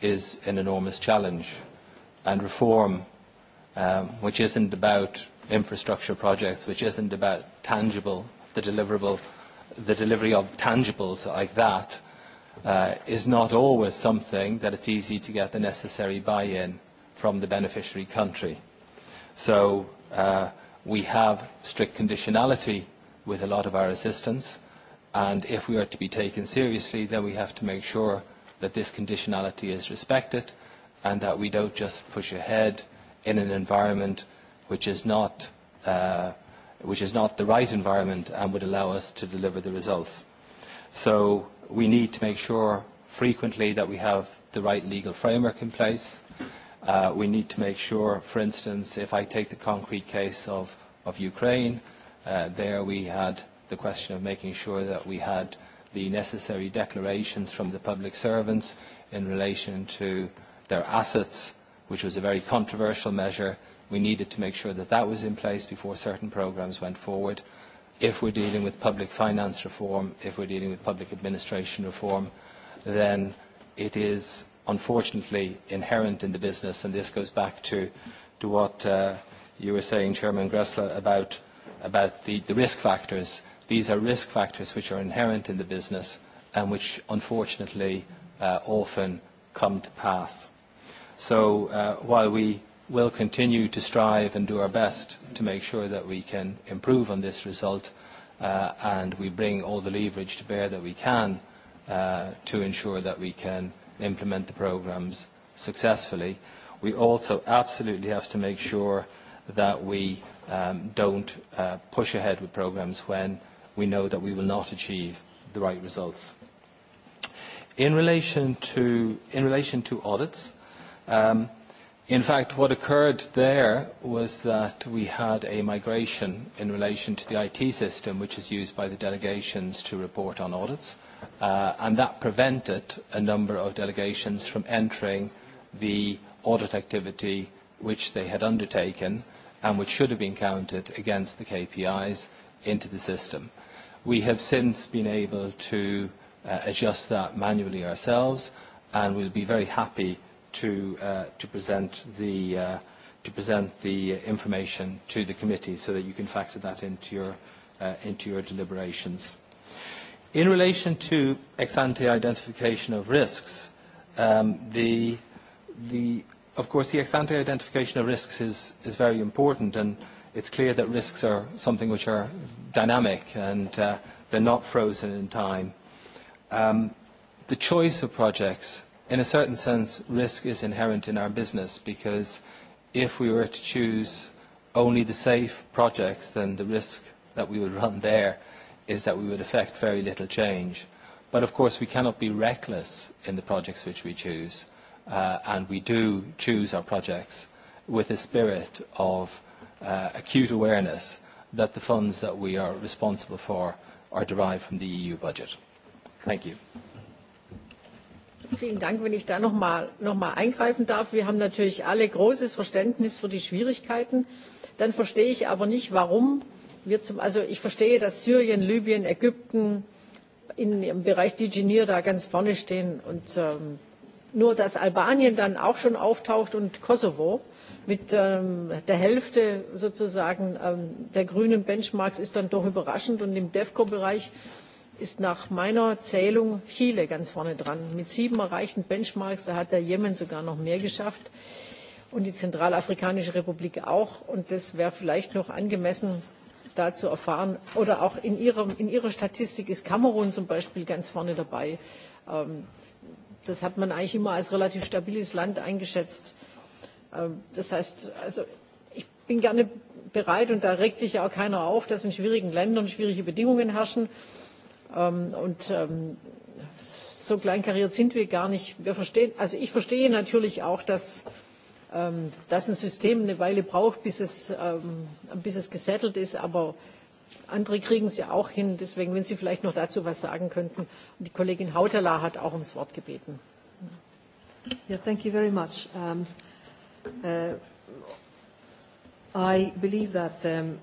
is an enormous challenge and reform, um, which isn't about infrastructure projects, which isn't about tangible, the deliverable, the delivery of tangibles like that, uh, is not always something that it's easy to get the necessary buy-in from the beneficiary country. So uh, we have strict conditionality with a lot of our assistance, and if we are to be taken seriously, then we have to make sure that this conditionality is respected and that we don't just push ahead in an environment which is not uh, which is not the right environment and would allow us to deliver the results. So we need to make sure frequently that we have the right legal framework in place. Uh, we need to make sure, for instance, if I take the concrete case of, of Ukraine, uh, there we had the question of making sure that we had the necessary declarations from the public servants in relation to uh, their assets, which was a very controversial measure. We needed to make sure that that was in place before certain programmes went forward. If we're dealing with public finance reform, if we're dealing with public administration reform, then it is unfortunately inherent in the business, and this goes back to, to what uh, you were saying, Chairman Gressler, about, about the, the risk factors. These are risk factors which are inherent in the business and which unfortunately uh, often come to pass. So uh, while we will continue to strive and do our best to make sure that we can improve on this result uh, and we bring all the leverage to bear that we can uh, to ensure that we can implement the programs successfully. We also absolutely have to make sure that we um, don't uh, push ahead with programs when we know that we will not achieve the right results. In relation to, in relation to audits, Um, in fact, what occurred there was that we had a migration in relation to the IT system, which is used by the delegations to report on audits, uh, and that prevented a number of delegations from entering the audit activity which they had undertaken and which should have been counted against the KPIs into the system. We have since been able to uh, adjust that manually ourselves, and we'll be very happy to, uh, to present the uh, to present the information to the committee so that you can factor that into your uh, into your deliberations. In relation to ex ante identification of risks, um, the the of course the ex ante identification of risks is is very important and it's clear that risks are something which are dynamic and uh, they're not frozen in time. Um, the choice of projects in a certain sense, risk is inherent in our business because if we were to choose only the safe projects, then the risk that we would *laughs* run there is that we would affect very little change. But of course, we cannot be reckless in the projects which we choose, uh, and we do choose our projects with a spirit of uh, acute awareness that the funds that we are responsible for are derived from the EU budget. Thank you. Vielen Dank, wenn ich da noch mal, noch mal eingreifen darf. Wir haben natürlich alle großes Verständnis für die Schwierigkeiten. Dann verstehe ich aber nicht, warum wir zum, also ich verstehe, dass Syrien, Libyen, Ägypten in, im Bereich Digenir da ganz vorne stehen und ähm, nur, dass Albanien dann auch schon auftaucht und Kosovo mit ähm, der Hälfte sozusagen ähm, der grünen Benchmarks ist dann doch überraschend und im DEFCO-Bereich ist nach meiner Zählung Chile ganz vorne dran. Mit sieben erreichten Benchmarks, da hat der Jemen sogar noch mehr geschafft und die Zentralafrikanische Republik auch. Und das wäre vielleicht noch angemessen, da zu erfahren. Oder auch in, Ihrer Statistik ist Kamerun zum Beispiel ganz vorne dabei. Ähm, das hat man eigentlich immer als relativ stabiles Land eingeschätzt. Ähm, das heißt, also ich bin gerne bereit, und da regt sich ja auch keiner auf, dass in schwierigen Ländern schwierige Bedingungen herrschen. Ähm, und ähm, so kleinkariert sind wir gar nicht. Wir verstehen, also ich verstehe natürlich auch, dass, ähm, dass ein System eine Weile braucht, bis es, bis es gesettelt ist, aber andere kriegen es ja auch hin. Deswegen, wenn Sie vielleicht noch dazu was sagen könnten. Und die Kollegin Hautala hat auch ums Wort gebeten. Ja, Yeah, thank you very much. Um, uh, I believe that um,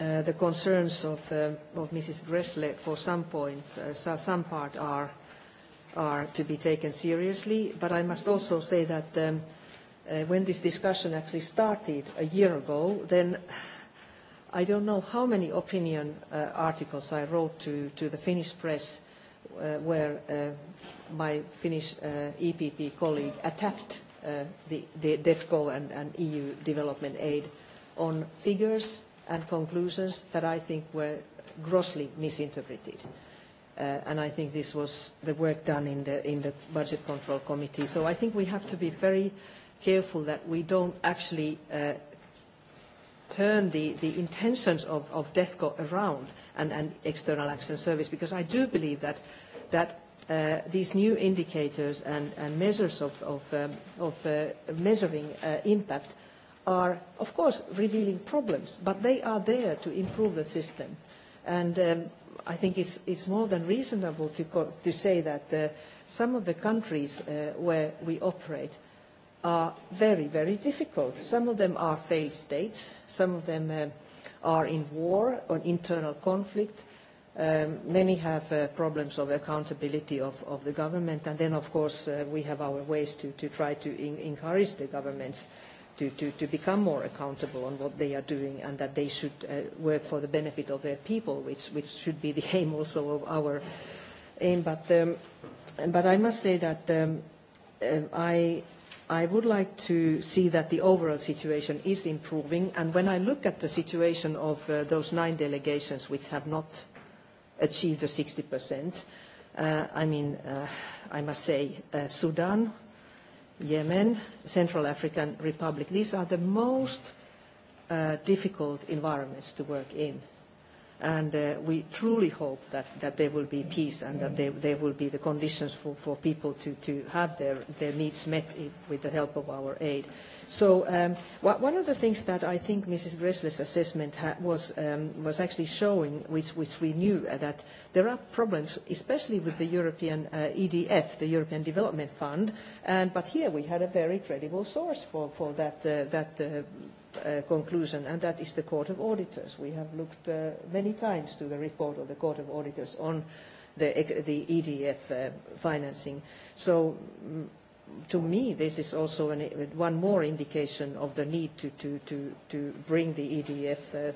Uh, the concerns of, uh, of Mrs. Gressle for some point, uh, some part are, are to be taken seriously. But I must also say that um, uh, when this discussion actually started a year ago, then I don't know how many opinion uh, articles I wrote to, to the Finnish press uh, where uh, my Finnish uh, EPP colleague attacked uh, the, the DEFCO and, and EU development aid on figures and conclusions that I think were grossly misinterpreted. Uh, and I think this was the work done in the, in the Budget Control Committee. So I think we have to be very careful that we don't actually uh, turn the, the intentions of, of DEFCO around and, and External Action Service, because I do believe that, that uh, these new indicators and, and measures of, of, um, of uh, measuring uh, impact – are, of course, revealing problems, but they are there to improve the system. And um, I think it's, it's more than reasonable to, to say that uh, some of the countries uh, where we operate are very, very difficult. Some of them are failed states. Some of them uh, are in war or internal conflict. Um, many have uh, problems of accountability of, of the government. And then, of course, uh, we have our ways to, to try to in- encourage the governments uh, to, to, to become more accountable on what they are doing and that they should uh, work for the benefit of their people, which, which should be the *laughs* aim also of our aim. But, um, but I must say that um, uh, I, I would like to see that the overall situation is improving. And when I look at the situation of uh, those nine delegations which have not achieved the 60%, uh, I mean, uh, I must say uh, Sudan, Yemen, Central African Republic. These are the most uh, difficult environments to work in and uh, we truly hope that, that there will be peace and that there, there will be the conditions for, for people to, to have their, their needs met with the help of our aid. So um, one of the things that I think Mrs. Gressler's assessment ha was, um, was actually showing, which, which we knew, uh, that there are problems, especially with the European uh, EDF, the European Development Fund, and, but here we had a very credible source for, for that, uh, that uh, Uh, conclusion, and that is the Court of Auditors. We have looked uh, many times to the report of the Court of Auditors on the, the EDF uh, financing. So mm, to me, this is also an, one more indication of the need to, to, to, to bring the EDF uh,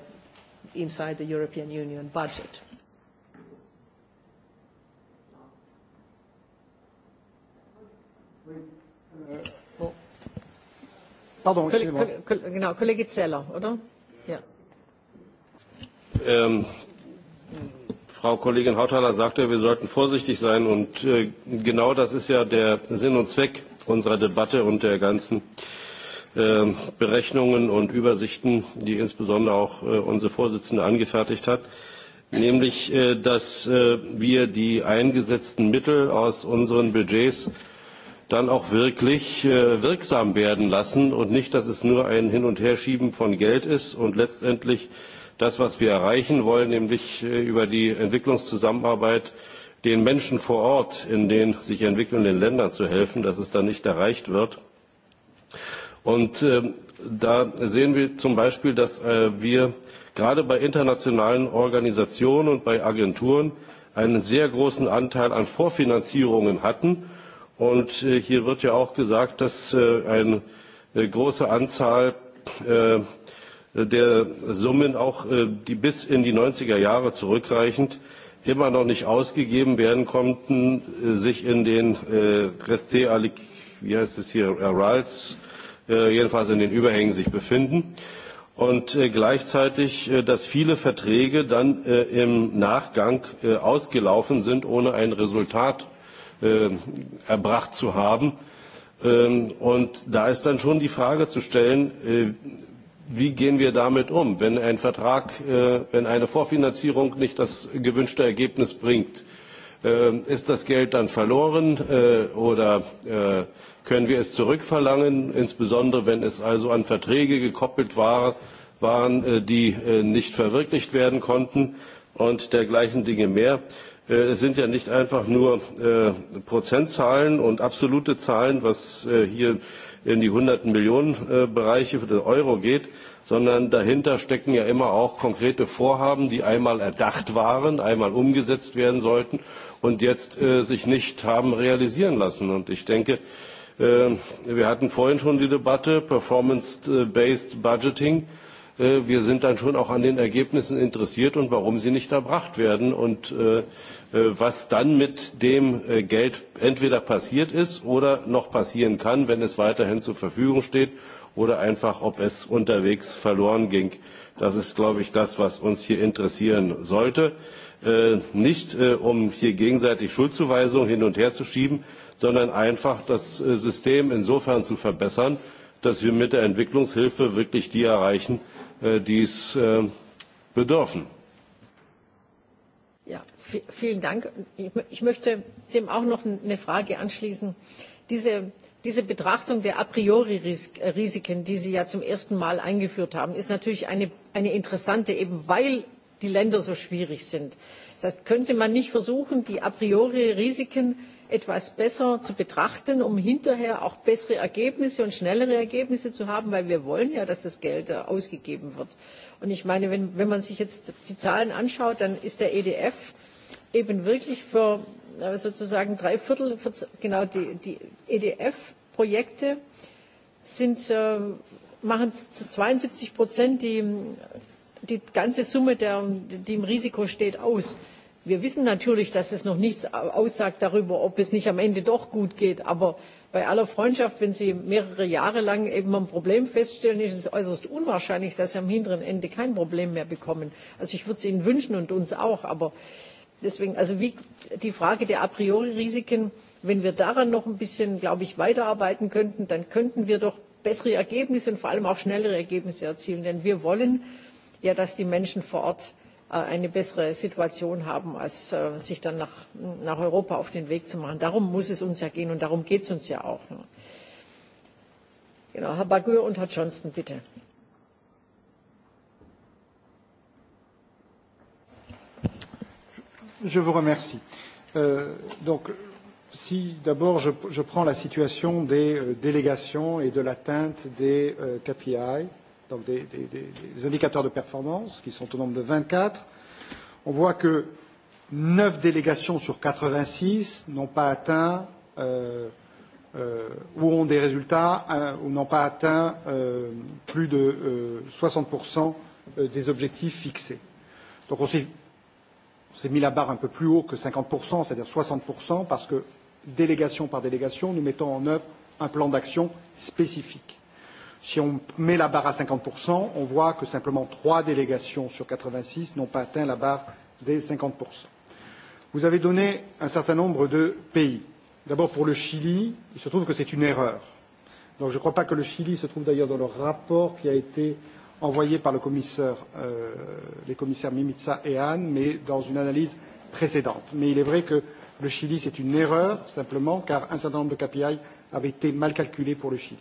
inside the European Union budget. Uh, Ähm, Frau Kollegin Hautala sagte, wir sollten vorsichtig sein und äh, genau das ist ja der Sinn und Zweck unserer Debatte und der ganzen ähm, Berechnungen und Übersichten, die insbesondere auch äh, unsere Vorsitzende angefertigt hat, nämlich, äh, dass wir die eingesetzten Mittel aus unseren Budgets dann auch wirklich äh, wirksam werden lassen und nicht, dass es nur ein Hin- und Herschieben von Geld ist und letztendlich das, was wir erreichen wollen, nämlich äh, über die Entwicklungszusammenarbeit den Menschen vor Ort in den sich entwickelnden Ländern zu helfen, dass es dann nicht erreicht wird. Und äh, da sehen wir zum Beispiel, dass äh, wir gerade bei internationalen Organisationen und bei Agenturen einen sehr großen Anteil an Vorfinanzierungen hatten Und äh, hier wird ja auch gesagt, dass äh, eine äh, große Anzahl der Summen, auch die bis in die 90er Jahre zurückreichend, immer noch nicht ausgegeben werden konnten, sich in den äh, Reste, wie heißt es hier, RALs, jedenfalls in den Überhängen sich befinden. Und gleichzeitig, dass viele Verträge dann im Nachgang ausgelaufen sind, ohne ein Resultat Äh, erbracht zu haben. Ähm, und da ist dann schon die Frage zu stellen, äh, wie gehen wir damit um, wenn ein Vertrag, äh, wenn eine Vorfinanzierung nicht das gewünschte Ergebnis bringt? Ist das Geld dann verloren oder können wir es zurückverlangen, insbesondere wenn es also an Verträge gekoppelt war, waren, die nicht verwirklicht werden konnten und dergleichen Dinge mehr? Äh, es sind ja nicht einfach nur äh, Prozentzahlen und absolute Zahlen, was äh, hier in die hunderten Millionen Bereiche für den Euro geht, sondern dahinter stecken ja immer auch konkrete Vorhaben, die einmal erdacht waren, einmal umgesetzt werden sollten und jetzt äh, sich nicht haben realisieren lassen. Und ich denke, äh, wir hatten vorhin schon die Debatte Performance-Based Budgeting. Äh, Äh, wir sind dann schon auch an den Ergebnissen interessiert und warum sie nicht erbracht werden und äh, äh, was dann mit dem Geld entweder passiert ist oder noch passieren kann, wenn es weiterhin zur Verfügung steht oder einfach, ob es unterwegs verloren ging. Das ist, glaube ich, das, was uns hier interessieren sollte. Äh, nicht, äh, um hier gegenseitig Schuldzuweisungen hin und her zu schieben, sondern einfach das System insofern zu verbessern, dass wir mit der Entwicklungshilfe wirklich die erreichen, Äh, dies äh, bedürfen. Ja, vielen Dank. Ich möchte dem auch noch eine Frage anschließen. Diese, diese Betrachtung der a priori äh, Risiken, die Sie ja zum ersten Mal eingeführt haben, ist natürlich eine, eine interessante, eben weil die Länder so schwierig sind. Das heißt, könnte man nicht versuchen, die a priori Risiken etwas besser zu betrachten, um hinterher auch bessere Ergebnisse und schnellere Ergebnisse zu haben, weil wir wollen ja, dass das Geld äh, ausgegeben wird. Und ich meine, wenn, wenn man sich jetzt die Zahlen anschaut, dann ist der EDF eben wirklich für äh, sozusagen drei Viertel, genau die, die EDF-Projekte sind, äh, machen zu 72 Prozent die die ganze Summe, der, die im Risiko steht, aus. Wir wissen natürlich, dass es noch nichts aussagt darüber, ob es nicht am Ende doch gut geht. Aber bei aller Freundschaft, wenn Sie mehrere Jahre lang eben ein Problem feststellen, ist es äußerst unwahrscheinlich, dass Sie am hinteren Ende kein Problem mehr bekommen. Also ich würde es Ihnen wünschen und uns auch. Aber deswegen, also wie die Frage der a priori Risiken, wenn wir daran noch ein bisschen, glaube ich, weiterarbeiten könnten, dann könnten wir doch bessere Ergebnisse und vor allem auch schnellere Ergebnisse erzielen. Denn wir wollen ja, dass die Menschen vor Ort äh, eine bessere Situation haben, als äh, sich dann nach, nach Europa auf den Weg zu machen. Darum muss es uns ja gehen und darum geht es uns ja auch. Genau, Herr Bagür und Herr Johnston, bitte. Je vous remercie. Euh, donc, si d'abord je, je prends la situation des euh, délégations et de l'atteinte des euh, KPI, euh, donc des, des, des indicateurs de performance qui sont au nombre de 24. On voit que 9 délégations sur 86 n'ont pas atteint euh, euh, ou ont des résultats euh, ou n'ont pas atteint euh, plus de euh, 60% euh, des objectifs fixés. Donc on s'est, on s'est mis la barre un peu plus haut que 50%, c'est-à-dire 60%, parce que délégation par délégation, nous mettons en œuvre un plan d'action spécifique. Si on met la barre à 50%, on voit que simplement trois délégations sur 86 n'ont pas atteint la barre des 50%. Vous avez donné un certain nombre de pays. D'abord pour le Chili, il se trouve que c'est une erreur. Donc je ne crois pas que le Chili se trouve d'ailleurs dans le rapport qui a été envoyé par le commissaire, euh, les commissaires Mimitsa et Hahn, mais dans une analyse précédente. Mais il est vrai que le Chili, c'est une erreur, simplement, car un certain nombre de KPI avaient été mal calculés pour le Chili.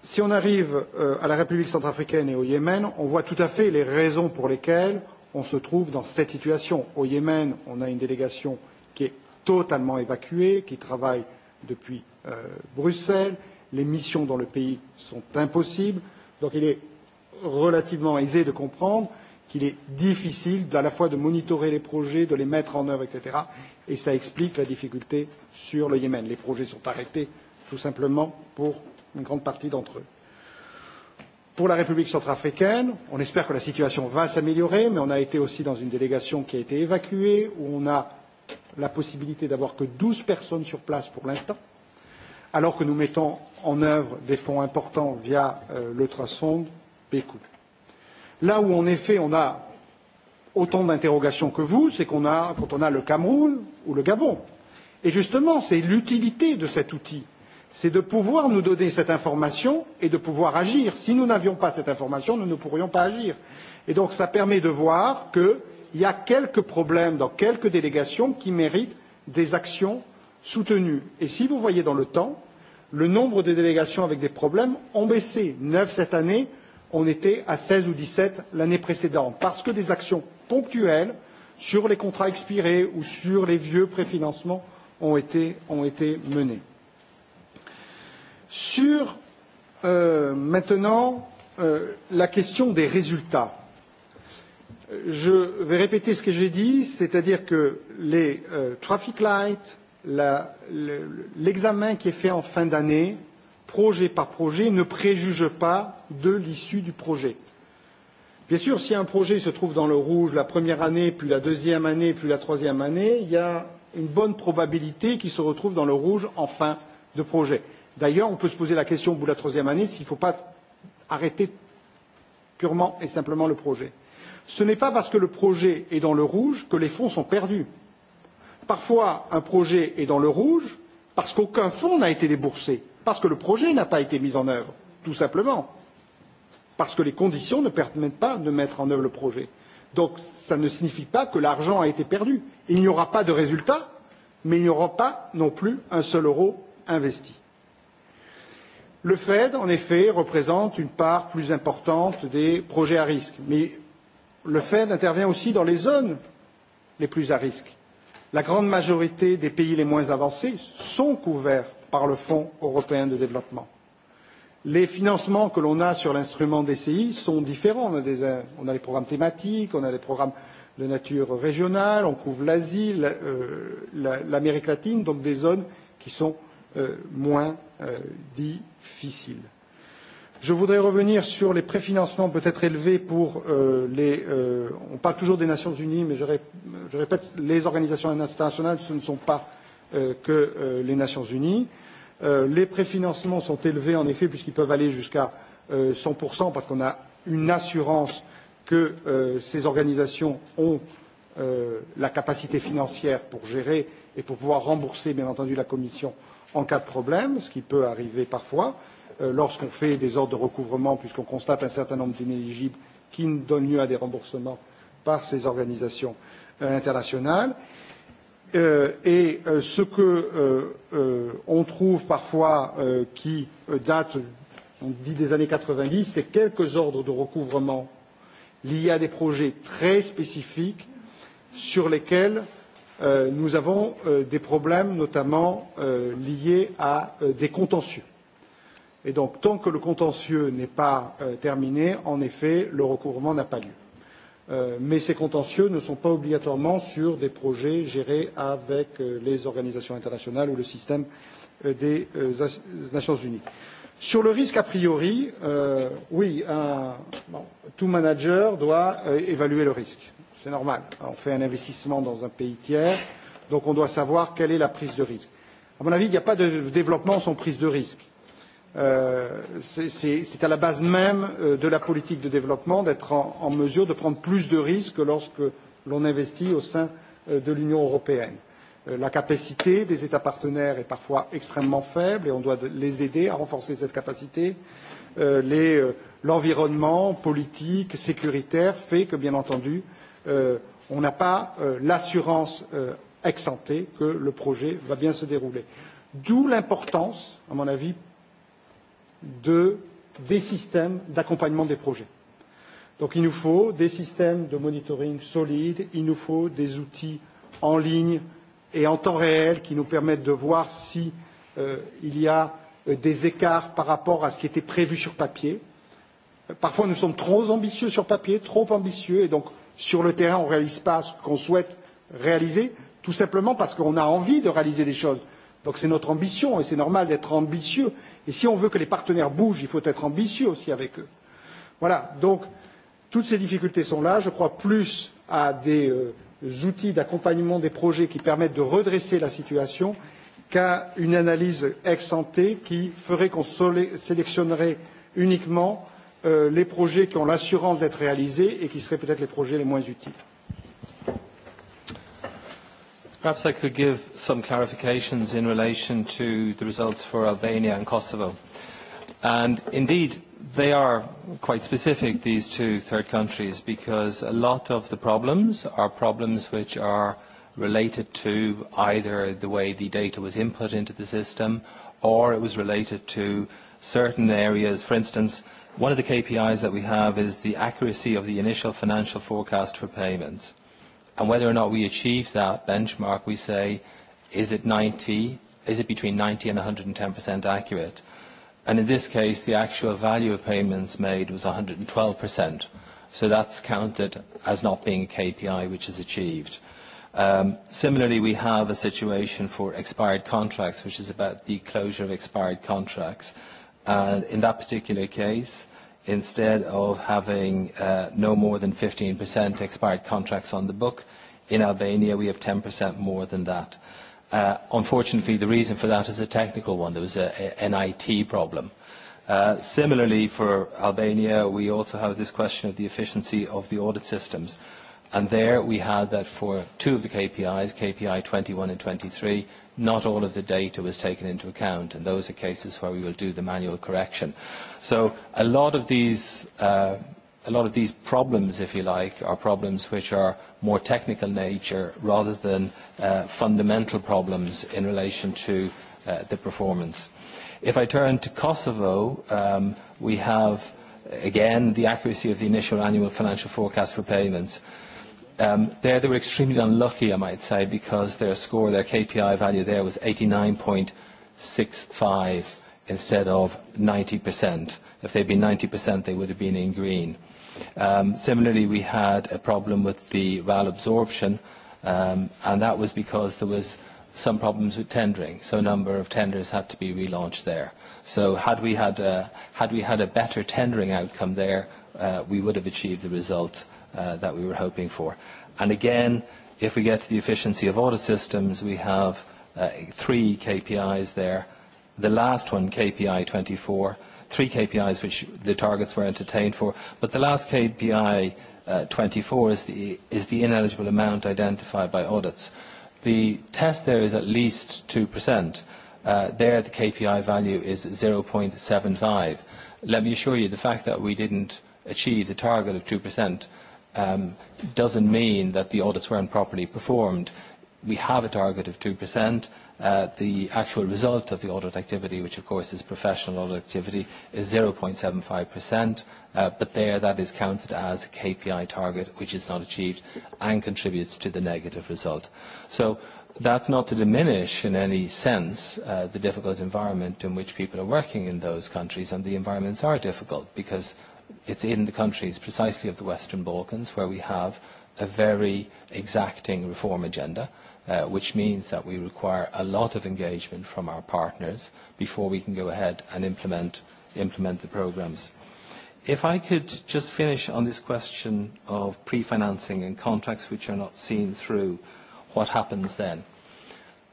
Si on arrive euh, à la République centrafricaine et au Yémen, on voit tout à fait les raisons pour lesquelles on se trouve dans cette situation. Au Yémen, on a une délégation qui est totalement évacuée, qui travaille depuis euh, Bruxelles. Les missions dans le pays sont impossibles. Donc il est relativement aisé de comprendre qu'il est difficile à la fois de monitorer les projets, de les mettre en œuvre, etc. Et ça explique la difficulté sur le Yémen. Les projets sont arrêtés tout simplement pour une grande partie d'entre eux. Pour la République centrafricaine, on espère que la situation va s'améliorer, mais on a été aussi dans une délégation qui a été évacuée, où on a la possibilité d'avoir que 12 personnes sur place pour l'instant, alors que nous mettons en œuvre des fonds importants via euh, l'ultrasonde Bécou. E Là où en effet on a autant d'interrogations que vous, c'est qu'on a quand on a le Cameroun ou le Gabon. Et justement, c'est l'utilité de cet outil c'est de pouvoir nous donner cette information et de pouvoir agir. Si nous n'avions pas cette information, nous ne pourrions pas agir. Et donc ça permet de voir qu'il y a quelques problèmes dans quelques délégations qui méritent des actions soutenues. Et si vous voyez dans le temps, le nombre de délégations avec des problèmes ont baissé. Neuf cette année, on était à 16 ou 17 l'année précédente, parce que des actions ponctuelles sur les contrats expirés ou sur les vieux préfinancements ont été, ont été menées. Sur euh, maintenant euh, la question des résultats, je vais répéter ce que j'ai dit, c'est-à-dire que les euh, traffic lights, l'examen le, qui est fait en fin d'année, projet par projet, ne préjuge pas de l'issue du projet. Bien sûr, si un projet se trouve dans le rouge la première année, puis la deuxième année, puis la troisième année, il y a une bonne probabilité qu'il se retrouve dans le rouge en fin de projet. D'ailleurs, on peut se poser la question au bout de la troisième année s'il ne faut pas arrêter purement et simplement le projet. Ce n'est pas parce que le projet est dans le rouge que les fonds sont perdus. Parfois, un projet est dans le rouge parce qu'aucun fonds n'a été déboursé, parce que le projet n'a pas été mis en œuvre, tout simplement, parce que les conditions ne permettent pas de mettre en œuvre le projet. Donc, ça ne signifie pas que l'argent a été perdu. Il n'y aura pas de résultat, mais il n'y aura pas non plus un seul euro investi. Le Fed, en effet, représente une part plus importante des projets à risque, mais le Fed intervient aussi dans les zones les plus à risque. La grande majorité des pays les moins avancés sont couverts par le Fonds européen de développement. Les financements que l'on a sur l'instrument DCI sont différents. On a, des, on a les programmes thématiques, on a des programmes de nature régionale, on couvre l'Asie, euh, l'Amérique latine, donc des zones qui sont euh, moins euh, difficile. Je voudrais revenir sur les préfinancements peut-être élevés pour euh, les. Euh, on parle toujours des Nations Unies, mais je, ré, je répète, les organisations internationales, ce ne sont pas euh, que euh, les Nations Unies. Euh, les préfinancements sont élevés en effet, puisqu'ils peuvent aller jusqu'à euh, 100 parce qu'on a une assurance que euh, ces organisations ont euh, la capacité financière pour gérer et pour pouvoir rembourser, bien entendu, la Commission euh, en cas de problème, ce qui peut arriver parfois, euh, lorsqu'on fait des ordres de recouvrement, puisqu'on constate un certain nombre d'inéligibles qui ne donnent lieu à des remboursements par ces organisations euh, internationales. Euh, et euh, ce que euh, euh, on trouve parfois euh, qui euh, date, on dit des années 90, c'est quelques ordres de recouvrement liés à des projets très spécifiques sur lesquels Euh, nous avons euh, des problèmes notamment euh, liés à euh, des contentieux. Et donc, tant que le contentieux n'est pas euh, terminé, en effet, le recouvrement n'a pas lieu. Euh, mais ces contentieux ne sont pas obligatoirement sur des projets gérés avec euh, les organisations internationales ou le système euh, des euh, Nations Unies. Sur le risque a priori, euh, oui, un, bon, tout manager doit euh, évaluer le risque C'est normal. On fait un investissement dans un pays tiers, donc on doit savoir quelle est la prise de risque. À mon avis, il n'y a pas de développement sans prise de risque. Euh, C'est à la base même euh, de la politique de développement d'être en, en mesure de prendre plus de risques lorsque l'on investit au sein euh, de l'Union européenne. Euh, la capacité des États partenaires est parfois extrêmement faible et on doit les aider à renforcer cette capacité. Euh, L'environnement euh, politique, sécuritaire fait que, bien entendu, euh, euh, on n'a pas euh, l'assurance euh, ex ante que le projet va bien se dérouler. D'où l'importance, à mon avis, de, des systèmes d'accompagnement des projets. Donc il nous faut des systèmes de monitoring solides, il nous faut des outils en ligne et en temps réel qui nous permettent de voir si euh, il y a euh, des écarts par rapport à ce qui était prévu sur papier. Parfois nous sommes trop ambitieux sur papier, trop ambitieux, et donc sur le terrain, on ne réalise pas ce qu'on souhaite réaliser, tout simplement parce qu'on a envie de réaliser des choses. Donc c'est notre ambition, et c'est normal d'être ambitieux. Et si on veut que les partenaires bougent, il faut être ambitieux aussi avec eux. Voilà, donc toutes ces difficultés sont là. Je crois plus à des euh, outils d'accompagnement des projets qui permettent de redresser la situation qu'à une analyse ex ante qui ferait qu'on sélectionnerait uniquement euh, les projets qui ont l'assurance d'être réalisés et qui seraient peut-être les projets les moins utiles. Perhaps I could give some clarifications in relation to the results for Albania and Kosovo. And indeed, they are quite specific, these two third countries, because a lot of the problems are problems which are related to either the way the data was input into the system or it was related to certain areas, for instance, One of the KPIs that we have is the accuracy of the initial financial forecast for payments. And whether or not we achieve that benchmark, we say, is it 90? Is it between 90 and 110% accurate? And in this case, the actual value of payments made was 112%. So that's counted as not being a KPI which is achieved. Um, similarly, we have a situation for expired contracts, which is about the closure of expired contracts. And in that particular case, instead of having uh, no more than 15% expired contracts on the book, in Albania we have 10% more than that. Uh, unfortunately, the reason for that is a technical one. There was a, a, an IT problem. Uh, similarly, for Albania, we also have this question of the efficiency of the audit systems. And there we had that for two of the KPIs, KPI 21 and 23, not all of the data was taken into account, and those are cases where we will do the manual correction. So a lot of these, uh, a lot of these problems, if you like, are problems which are more technical nature rather than uh, fundamental problems in relation to uh, the performance. If I turn to Kosovo, um, we have, again, the accuracy of the initial annual financial forecast for payments. Um, there they were extremely unlucky, I might say, because their score, their KPI value there was 89.65 instead of 90%. If they'd been 90%, they would have been in green. Um, similarly, we had a problem with the RAL absorption, um, and that was because there was some problems with tendering, so a number of tenders had to be relaunched there. So had we had a, had we had a better tendering outcome there, uh, we would have achieved the result Uh, that we were hoping for. again, if we get to the efficiency of audit systems, we have uh, three KPIs there. The last one, KPI 24, three KPIs which the targets were entertained for, the last KPI 24 uh, is the, ineligible amount identified by audits. The test there is at least 2%. there the KPI value is 0.75. Let me assure you the fact that we didn't achieve the target of 2% um, doesn't mean that the audits weren't properly performed. We have a target of 2%. Uh, the actual result of the audit activity, which of course is professional audit activity, is 0.75%, uh, but there that is counted as a KPI target, which is not achieved and contributes to the negative result. So that's not to diminish in any sense uh, the difficult environment in which people are working in those countries, and the environments are difficult because it's in the countries precisely of the Western Balkans where we have a very exacting reform agenda, uh, which means that we require a lot of engagement from our partners before we can go ahead and implement, implement the programs. If I could just finish on this question of pre-financing and contracts which are not seen through, what happens then?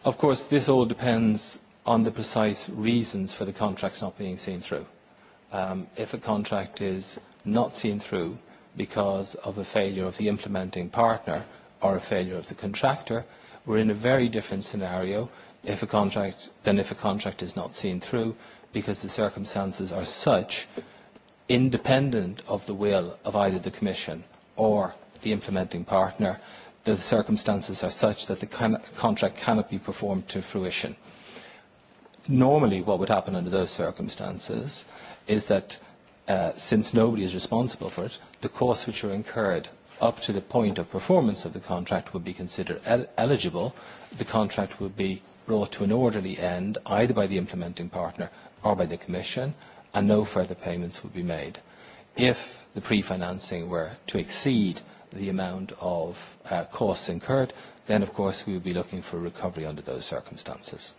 Of course, this all depends on the precise reasons for the contracts not being seen through um, if a contract is not seen through because of a failure of the implementing partner or a failure of the contractor, we're in a very different scenario if a contract, than if a contract is not seen through because the circumstances are such independent of the will of either the Commission or the implementing partner, the circumstances are such that the can contract cannot be performed to fruition. Normally what would happen under those circumstances is that uh, since nobody is responsible for it, the costs which are incurred up to the point of performance of the contract would be considered el eligible. The contract would be brought to an orderly end either by the implementing partner or by the Commission, and no further payments would be made. If the pre-financing were to exceed the amount of uh, costs incurred, then of course we would be looking for recovery under those circumstances.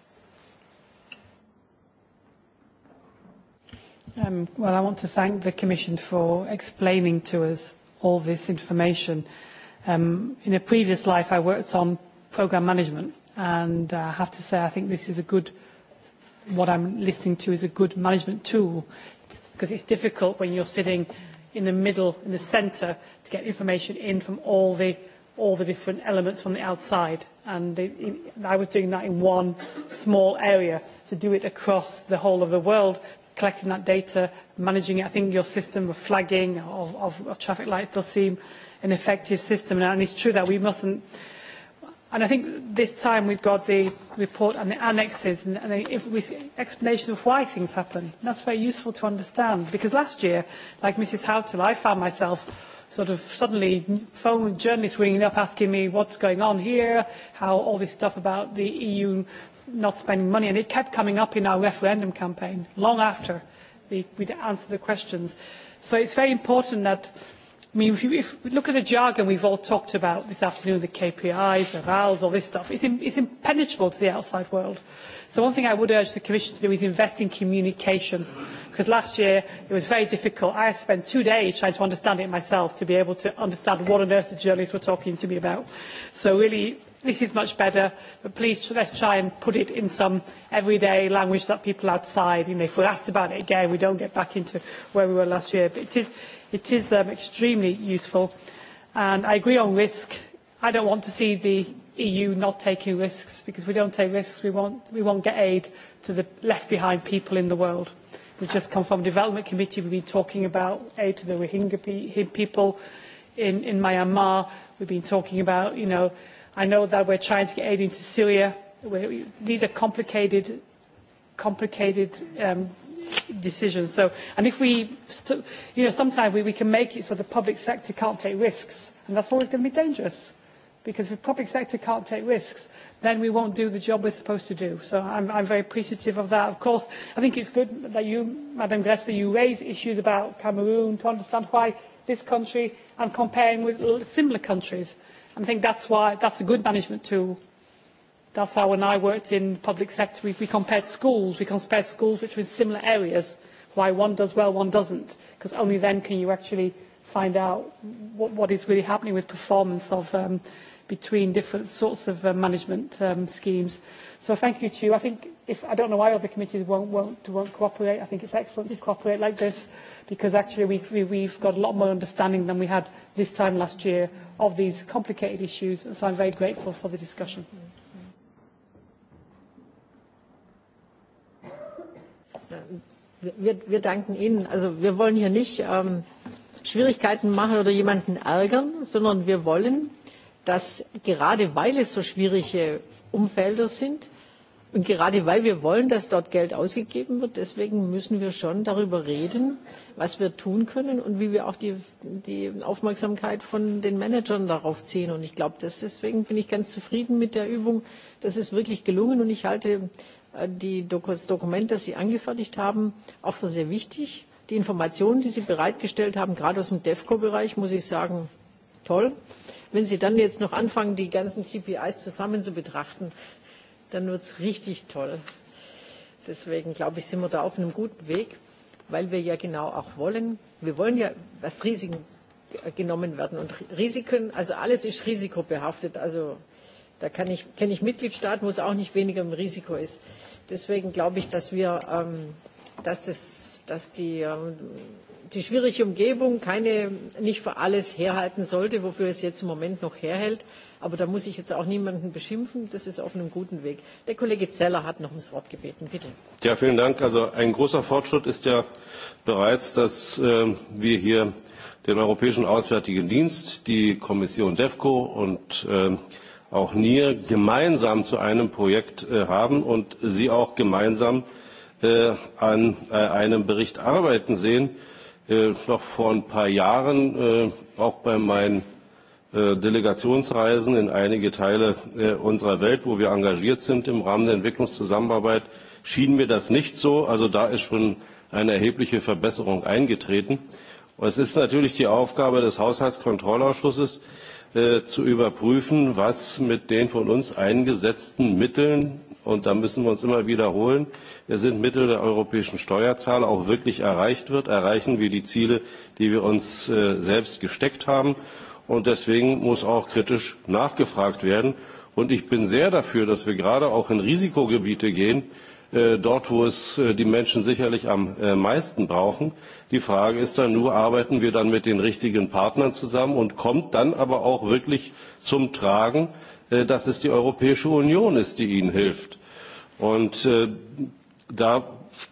Um, well, I want to thank the Commission for explaining to us all this information. Um, in a previous life, I worked on programme management, and I have to say I think this is a good, what I'm listening to is a good management tool, because it's difficult when you're sitting in the middle, in the centre, to get information in from all the all the different elements from the outside. And they, I was doing that in one small area. To do it across the whole of the world collecting that data, managing it. I think your system of flagging of, of, of traffic lights does seem an effective system, and it's true that we mustn't. And I think this time we've got the report and the annexes and, and the if we, explanation of why things happen. And that's very useful to understand because last year, like Mrs. Houghton, I found myself sort of suddenly phone journalists ringing up asking me what's going on here, how all this stuff about the EU not spending money, and it kept coming up in our referendum campaign long after the, we'd answered the questions. So it's very important that I mean, if you if we look at the jargon we've all talked about this afternoon, the KPIs, the RALs, all this stuff, it's, in, it's impenetrable to the outside world. So one thing I would urge the Commission to do is invest in communication, because last year it was very difficult. I spent two days trying to understand it myself to be able to understand what on earth the journalists were talking to me about. So really, this is much better, but please let's try and put it in some everyday language that people outside, you know, if we're asked about it again, we don't get back into where we were last year. But it is, It is um, extremely useful. And I agree on risk. I don't want to see the EU not taking risks because if we don't take risks, we won't, not get aid to the left behind people in the world. have just come from the development committee. We've been talking about aid to the Rohingya people in, in Myanmar. We've been talking about, you know, I know that we're trying to get aid into Syria. these are complicated, complicated um, decisions. So, and if we, you know, sometimes we, we can make it so the public sector can't take risks, and that's always going to be dangerous, because if the public sector can't take risks, then we won't do the job we're supposed to do. So I'm, I'm very appreciative of that. Of course, I think it's good that you, Madam Gressler, you raise issues about Cameroon to understand why this country and comparing with similar countries. I think that's why that's a good management tool That's how when I worked in the public sector, we, we compared schools. We compared schools which were in similar areas, why one does well, one doesn't, because only then can you actually find out what, what is really happening with performance of um, between different sorts of uh, management um, schemes. So thank you to you. I think if I don't know why other committees won't won't won't cooperate. I think it's excellent to cooperate like this because actually we, we we've got a lot more understanding than we had this time last year of these complicated issues. And so I'm very grateful for the discussion. Mm -hmm. wir, wir danken Ihnen. Also wir wollen hier nicht ähm, Schwierigkeiten machen oder jemanden ärgern, sondern wir wollen, dass gerade weil es so schwierige Umfelder sind und gerade weil wir wollen, dass dort Geld ausgegeben wird, deswegen müssen wir schon darüber reden, was wir tun können und wie wir auch die, die Aufmerksamkeit von den Managern darauf ziehen. Und ich glaube, deswegen bin ich ganz zufrieden mit der Übung. Das ist wirklich gelungen und ich halte das Dokument, das Sie angefertigt haben, auch für sehr wichtig. Die Informationen, die Sie bereitgestellt haben, gerade aus dem DEFCO-Bereich, muss ich sagen, toll. Wenn Sie dann jetzt noch anfangen, die ganzen KPIs zusammen zu betrachten, dann wird es richtig toll. Deswegen glaube ich, sind wir da auf einem guten Weg, weil wir ja genau auch wollen, wir wollen ja, dass Risiken genommen werden. Und Risiken, also alles ist risikobehaftet. Also Da kann ich, kenne ich Mitgliedstaaten, wo es auch nicht weniger im Risiko ist. Deswegen glaube ich, dass wir, ähm, dass, das, dass die, ähm, die schwierige Umgebung keine, nicht für alles herhalten sollte, wofür es jetzt im Moment noch herhält. Aber da muss ich jetzt auch niemanden beschimpfen. Das ist auf einem guten Weg. Der Kollege Zeller hat noch ums Wort gebeten. Bitte. Ja, vielen Dank. Also ein großer Fortschritt ist ja bereits, dass äh, wir hier den Europäischen Auswärtigen Dienst, die Kommission DEFCO und äh, auch NIR gemeinsam zu einem Projekt äh, haben und Sie auch gemeinsam äh, an äh, einem Bericht arbeiten sehen. noch vor ein paar Jahren, auch bei meinen Delegationsreisen in einige Teile unserer Welt, wo wir engagiert sind im Rahmen der Entwicklungszusammenarbeit, schien mir das nicht so. Also da ist schon eine erhebliche Verbesserung eingetreten. Und es ist natürlich die Aufgabe des Haushaltskontrollausschusses, Äh, zu überprüfen, was mit den von uns eingesetzten Mitteln und da müssen wir uns immer wiederholen, es sind Mittel der europäischen Steuerzahler auch wirklich erreicht wird, erreichen wir die Ziele, die wir uns äh, selbst gesteckt haben. Und deswegen muss auch kritisch nachgefragt werden. Und ich bin sehr dafür, dass wir gerade auch in Risikogebiete gehen, Äh, dort, wo es äh, die Menschen sicherlich am äh, meisten brauchen. Die Frage ist dann nur, arbeiten wir dann mit den richtigen Partnern zusammen und kommt dann aber auch wirklich zum Tragen, dass es die Europäische Union ist, die ihnen hilft. Und da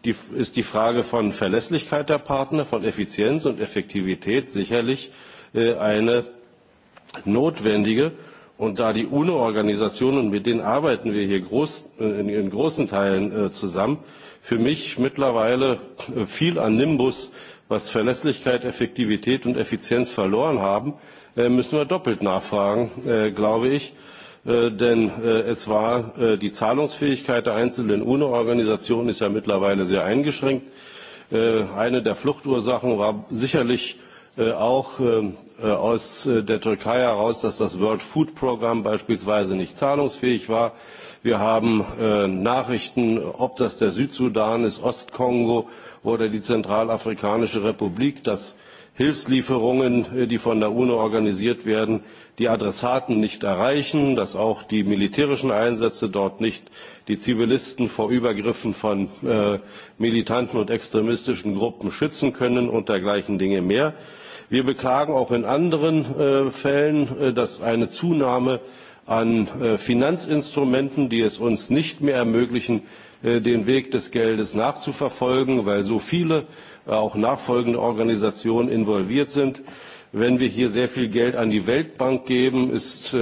ist die Frage von Verlässlichkeit der Partner, von Effizienz und Effektivität sicherlich eine notwendige. Und da die UNO-Organisation, mit denen arbeiten wir hier groß, äh, in, großen Teilen äh, zusammen, für mich mittlerweile äh, viel an Nimbus, was Verlässlichkeit, Effektivität und Effizienz verloren haben, müssen wir doppelt nachfragen, glaube ich. denn es war die Zahlungsfähigkeit der einzelnen UNO-Organisationen ist ja mittlerweile sehr eingeschränkt. eine der Fluchtursachen war sicherlich Äh, auch ähm, äh, aus äh, der Türkei heraus, dass das World Food Programm beispielsweise nicht zahlungsfähig war. Wir haben Nachrichten, ob das der Südsudan ist, Ostkongo oder die Zentralafrikanische Republik, dass Hilfslieferungen, die von der UNO organisiert werden, die Adressaten nicht erreichen, dass auch die militärischen Einsätze dort nicht die Zivilisten vor Übergriffen von militanten und extremistischen Gruppen schützen können und dergleichen Dinge mehr Wir beklagen auch in anderen äh, Fällen, äh, dass eine Zunahme an äh, Finanzinstrumenten, die es uns nicht mehr ermöglichen, den Weg des Geldes nachzuverfolgen, weil so viele auch nachfolgende Organisationen involviert sind. Wenn wir hier sehr viel Geld an die Weltbank geben, ist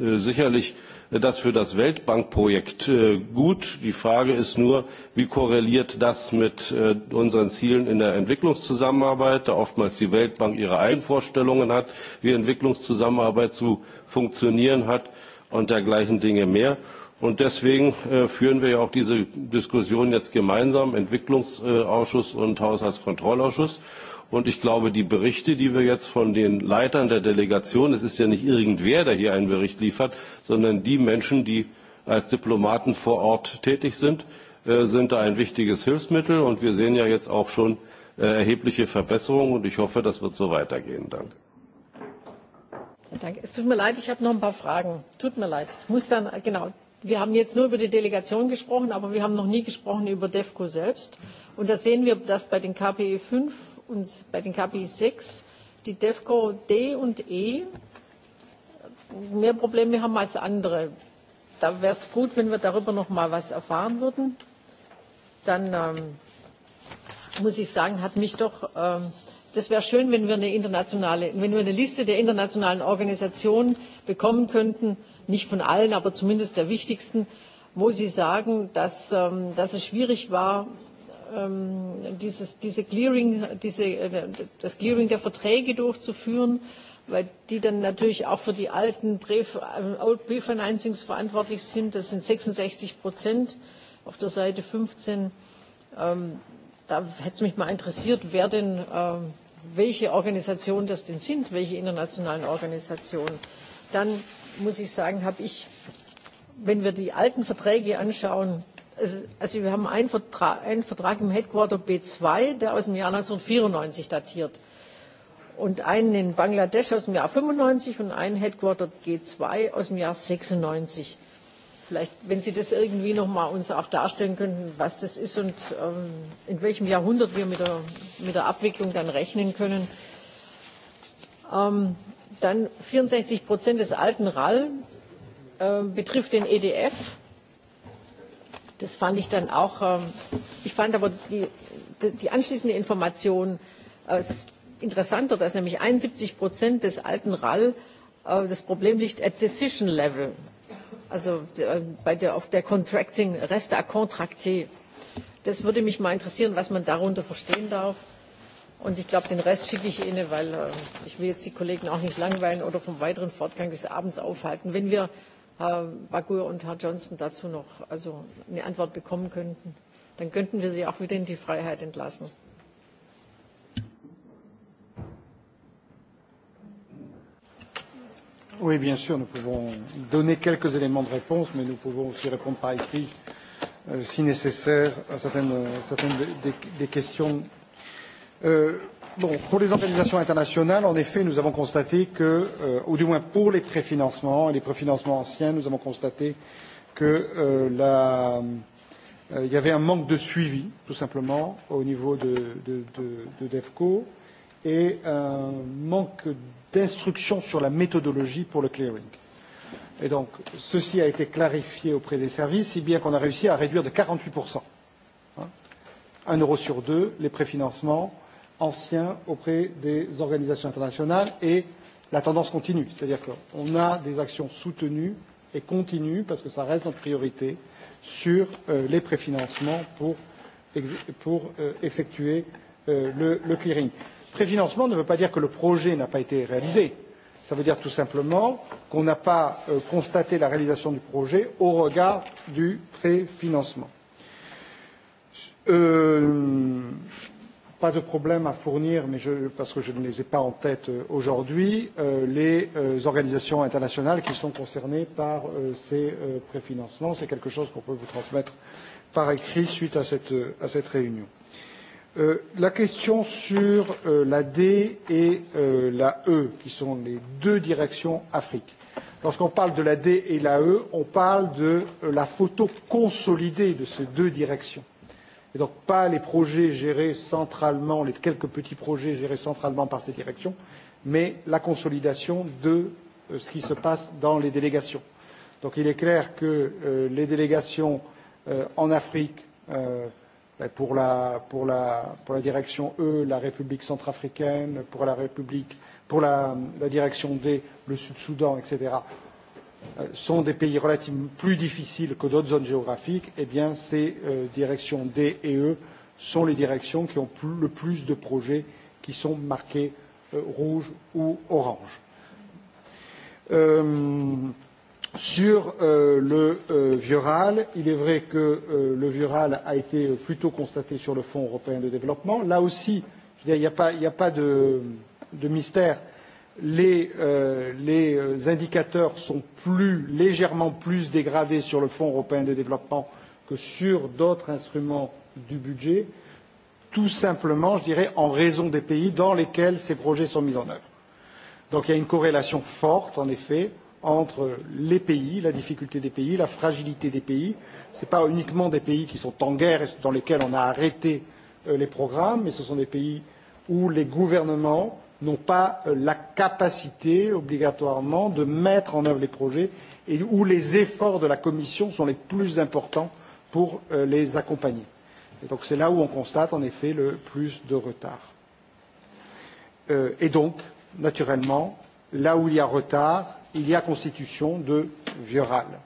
sicherlich das für das Weltbankprojekt äh, gut. Die Frage ist nur, wie korreliert das mit äh, unseren Zielen in der Entwicklungszusammenarbeit, da oftmals die Weltbank ihre eigenen Vorstellungen hat, wie Entwicklungszusammenarbeit zu funktionieren hat und dergleichen Dinge mehr. Und deswegen äh, führen wir ja auch diese Diskussion jetzt gemeinsam, Entwicklungsausschuss und Haushaltskontrollausschuss. Und ich glaube, die Berichte, die wir jetzt von den Leitern der Delegation, es ist ja nicht irgendwer, der hier einen Bericht liefert, sondern die Menschen, die als Diplomaten vor Ort tätig sind, äh, sind da ein wichtiges Hilfsmittel. Und wir sehen ja jetzt auch schon äh, erhebliche Verbesserungen. Und ich hoffe, das wird so weitergehen. Danke. Danke. Es tut mir leid, ich habe noch ein paar Fragen. Tut mir leid. Ich muss dann, äh, genau. Wir haben jetzt nur über die Delegation gesprochen, aber wir haben noch nie gesprochen über DEFCO selbst. Und da sehen wir, dass bei den KPE 5 uns bei den KPI 6 die DEFCO D und E mehr Probleme haben als andere. Da wäre es gut, wenn wir darüber noch mal was erfahren würden. Dann ähm, muss ich sagen, hat mich doch, ähm, das wäre schön, wenn wir eine internationale, wenn wir eine Liste der internationalen Organisationen bekommen könnten, nicht von allen, aber zumindest der wichtigsten, wo Sie sagen, dass, ähm, dass es schwierig war, ähm, dieses, diese Clearing, diese, äh, das Clearing der Verträge durchzuführen, weil die dann natürlich auch für die alten ähm, Pre-Financings verantwortlich sind. Das sind 66 Prozent auf der Seite 15. Ähm, da hätte es mich mal interessiert, wer denn, äh, welche Organisationen das denn sind, welche internationalen Organisationen. Dann muss ich sagen, habe ich, wenn wir die alten Verträge anschauen, also wir haben einen Vertrag, einen Vertrag im Headquarter B2, der aus dem Jahr 1994 datiert. Und einen in Bangladesch aus dem Jahr 95 und einen Headquarter G2 aus dem Jahr 96. Vielleicht, wenn Sie das irgendwie noch mal uns auch darstellen könnten, was das ist und ähm, in welchem Jahrhundert wir mit der, mit der Abwicklung dann rechnen können. Ähm, dann 64 Prozent des alten RAL äh, betrifft den EDF das fand ich dann auch, ähm, ich fand aber die, die anschließende Information äh, interessanter, dass nämlich 71 Prozent des alten RAL äh, das Problem liegt at decision level, also äh, bei der, auf der Contracting, Reste à Contracté. Das würde mich mal interessieren, was man darunter verstehen darf. Und ich glaube, den Rest schicke ich Ihnen, weil äh, ich will jetzt die Kollegen auch nicht langweilen oder vom weiteren Fortgang des Abends aufhalten. Wenn wir Herr Bagur und Herr Johnson dazu noch also eine Antwort bekommen könnten. Dann könnten wir sie auch wieder in die Freiheit entlassen. Oui, bien sûr, nous pouvons donner quelques éléments de réponse, mais nous pouvons aussi répondre par écrit, euh, si nécessaire, à certaines, certaines des, des questions. Euh, pour les organisations internationales, en effet, nous avons constaté que, euh, ou du moins pour les préfinancements et les préfinancements anciens, nous avons constaté que euh, la, euh, y avait un manque de suivi, tout simplement, au niveau de, de, de, de DEFCO et un manque d'instruction sur la méthodologie pour le clearing. Et donc, ceci a été clarifié auprès des services, si bien qu'on a réussi à réduire de 48%, hein, un euro sur deux, les préfinancements anciens auprès des organisations internationales et la tendance continue. C'est-à-dire qu'on a des actions soutenues et continues, parce que ça reste notre priorité, sur euh, les préfinancements pour, pour euh, effectuer euh, le, le clearing. Préfinancement ne veut pas dire que le projet n'a pas été réalisé. Ça veut dire tout simplement qu'on n'a pas euh, constaté la réalisation du projet au regard du préfinancement. Euh, pas de problème à fournir, mais je, parce que je ne les ai pas en tête euh, aujourd'hui, euh, les euh, organisations internationales qui sont concernées par euh, ces euh, préfinancements. C'est quelque chose qu'on peut vous transmettre par écrit suite à cette, euh, à cette réunion. Euh, la question sur euh, la D et euh, la E, qui sont les deux directions Afrique. Lorsqu'on parle de la D et la E, on parle de euh, la photo consolidée de ces deux directions et donc pas les projets gérés centralement, les quelques petits projets gérés centralement par ces directions, mais la consolidation de euh, ce qui se passe dans les délégations. Donc il est clair que euh, les délégations euh, en Afrique, euh, pour, la, pour, la, pour la direction E, la République centrafricaine, pour la République, pour la, la direction D, le Sud-Soudan, etc., Euh, sont des pays relativement plus difficiles que d'autres zones géographiques, eh bien ces euh, directions D et E sont les directions qui ont plus, le plus de projets qui sont marqués euh, rouge ou orange. Euh, sur euh, le euh, vieux RAL, il est vrai que euh, le vieux RAL a été plutôt constaté sur le Fonds européen de développement. Là aussi, il n'y a, pas, a pas de, de mystère les, euh, les euh, indicateurs sont plus, légèrement plus dégradés sur le Fonds européen de développement que sur d'autres instruments du budget, tout simplement, je dirais, en raison des pays dans lesquels ces projets sont mis en œuvre. Donc il y a une corrélation forte, en effet, entre les pays, la difficulté des pays, la fragilité des pays. Ce n'est pas uniquement des pays qui sont en guerre et dans lesquels on a arrêté euh, les programmes, mais ce sont des pays où les gouvernements n'ont pas euh, la capacité obligatoirement de mettre en œuvre les projets et où les efforts de la Commission sont les plus importants pour euh, les accompagner. Et donc c'est là où on constate en effet le plus de retard. Euh, et donc, naturellement, là où il y a retard, il y a constitution de vieux râles.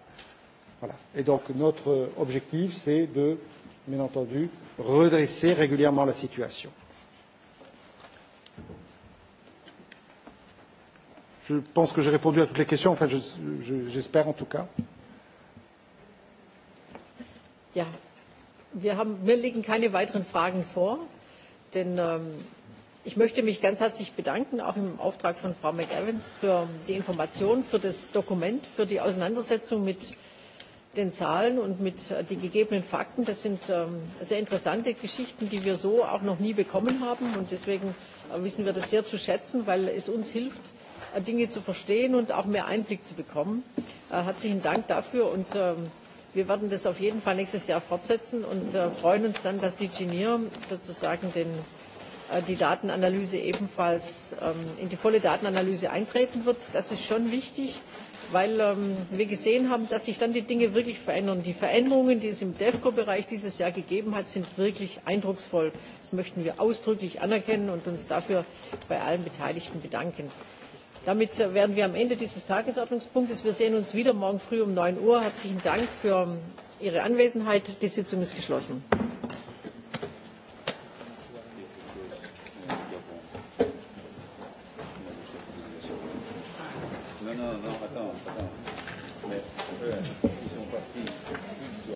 Voilà. Et donc notre objectif, c'est de, bien entendu, redresser régulièrement la situation. je pense que j'ai répondu à toutes les questions, enfin j'espère je, je, en tout cas. Ja, wir haben, mir liegen keine weiteren Fragen vor, denn ähm, ich möchte mich ganz herzlich bedanken, auch im Auftrag von Frau McEvans, für die Information, für das Dokument, für die Auseinandersetzung mit den Zahlen und mit äh, den gegebenen Fakten. Das sind ähm, sehr interessante Geschichten, die wir so auch noch nie bekommen haben. Und deswegen äh, wissen wir das sehr zu schätzen, weil es uns hilft, Dinge zu verstehen und auch mehr Einblick zu bekommen. Äh, herzlichen Dank dafür und ähm, wir werden das auf jeden Fall nächstes Jahr fortsetzen und äh, freuen uns dann, dass die Genier sozusagen den, äh, die Datenanalyse ebenfalls ähm, in die volle Datenanalyse eintreten wird. Das ist schon wichtig, weil ähm, wir gesehen haben, dass sich dann die Dinge wirklich verändern. Die Veränderungen, die es im DEFCO-Bereich dieses Jahr gegeben hat, sind wirklich eindrucksvoll. Das möchten wir ausdrücklich anerkennen und uns dafür bei allen Beteiligten bedanken damit wären wir am ende dieses tagesordnungspunktes. wir sehen uns wieder morgen früh um. neun uhr herzlichen dank für ihre anwesenheit. die sitzung ist geschlossen.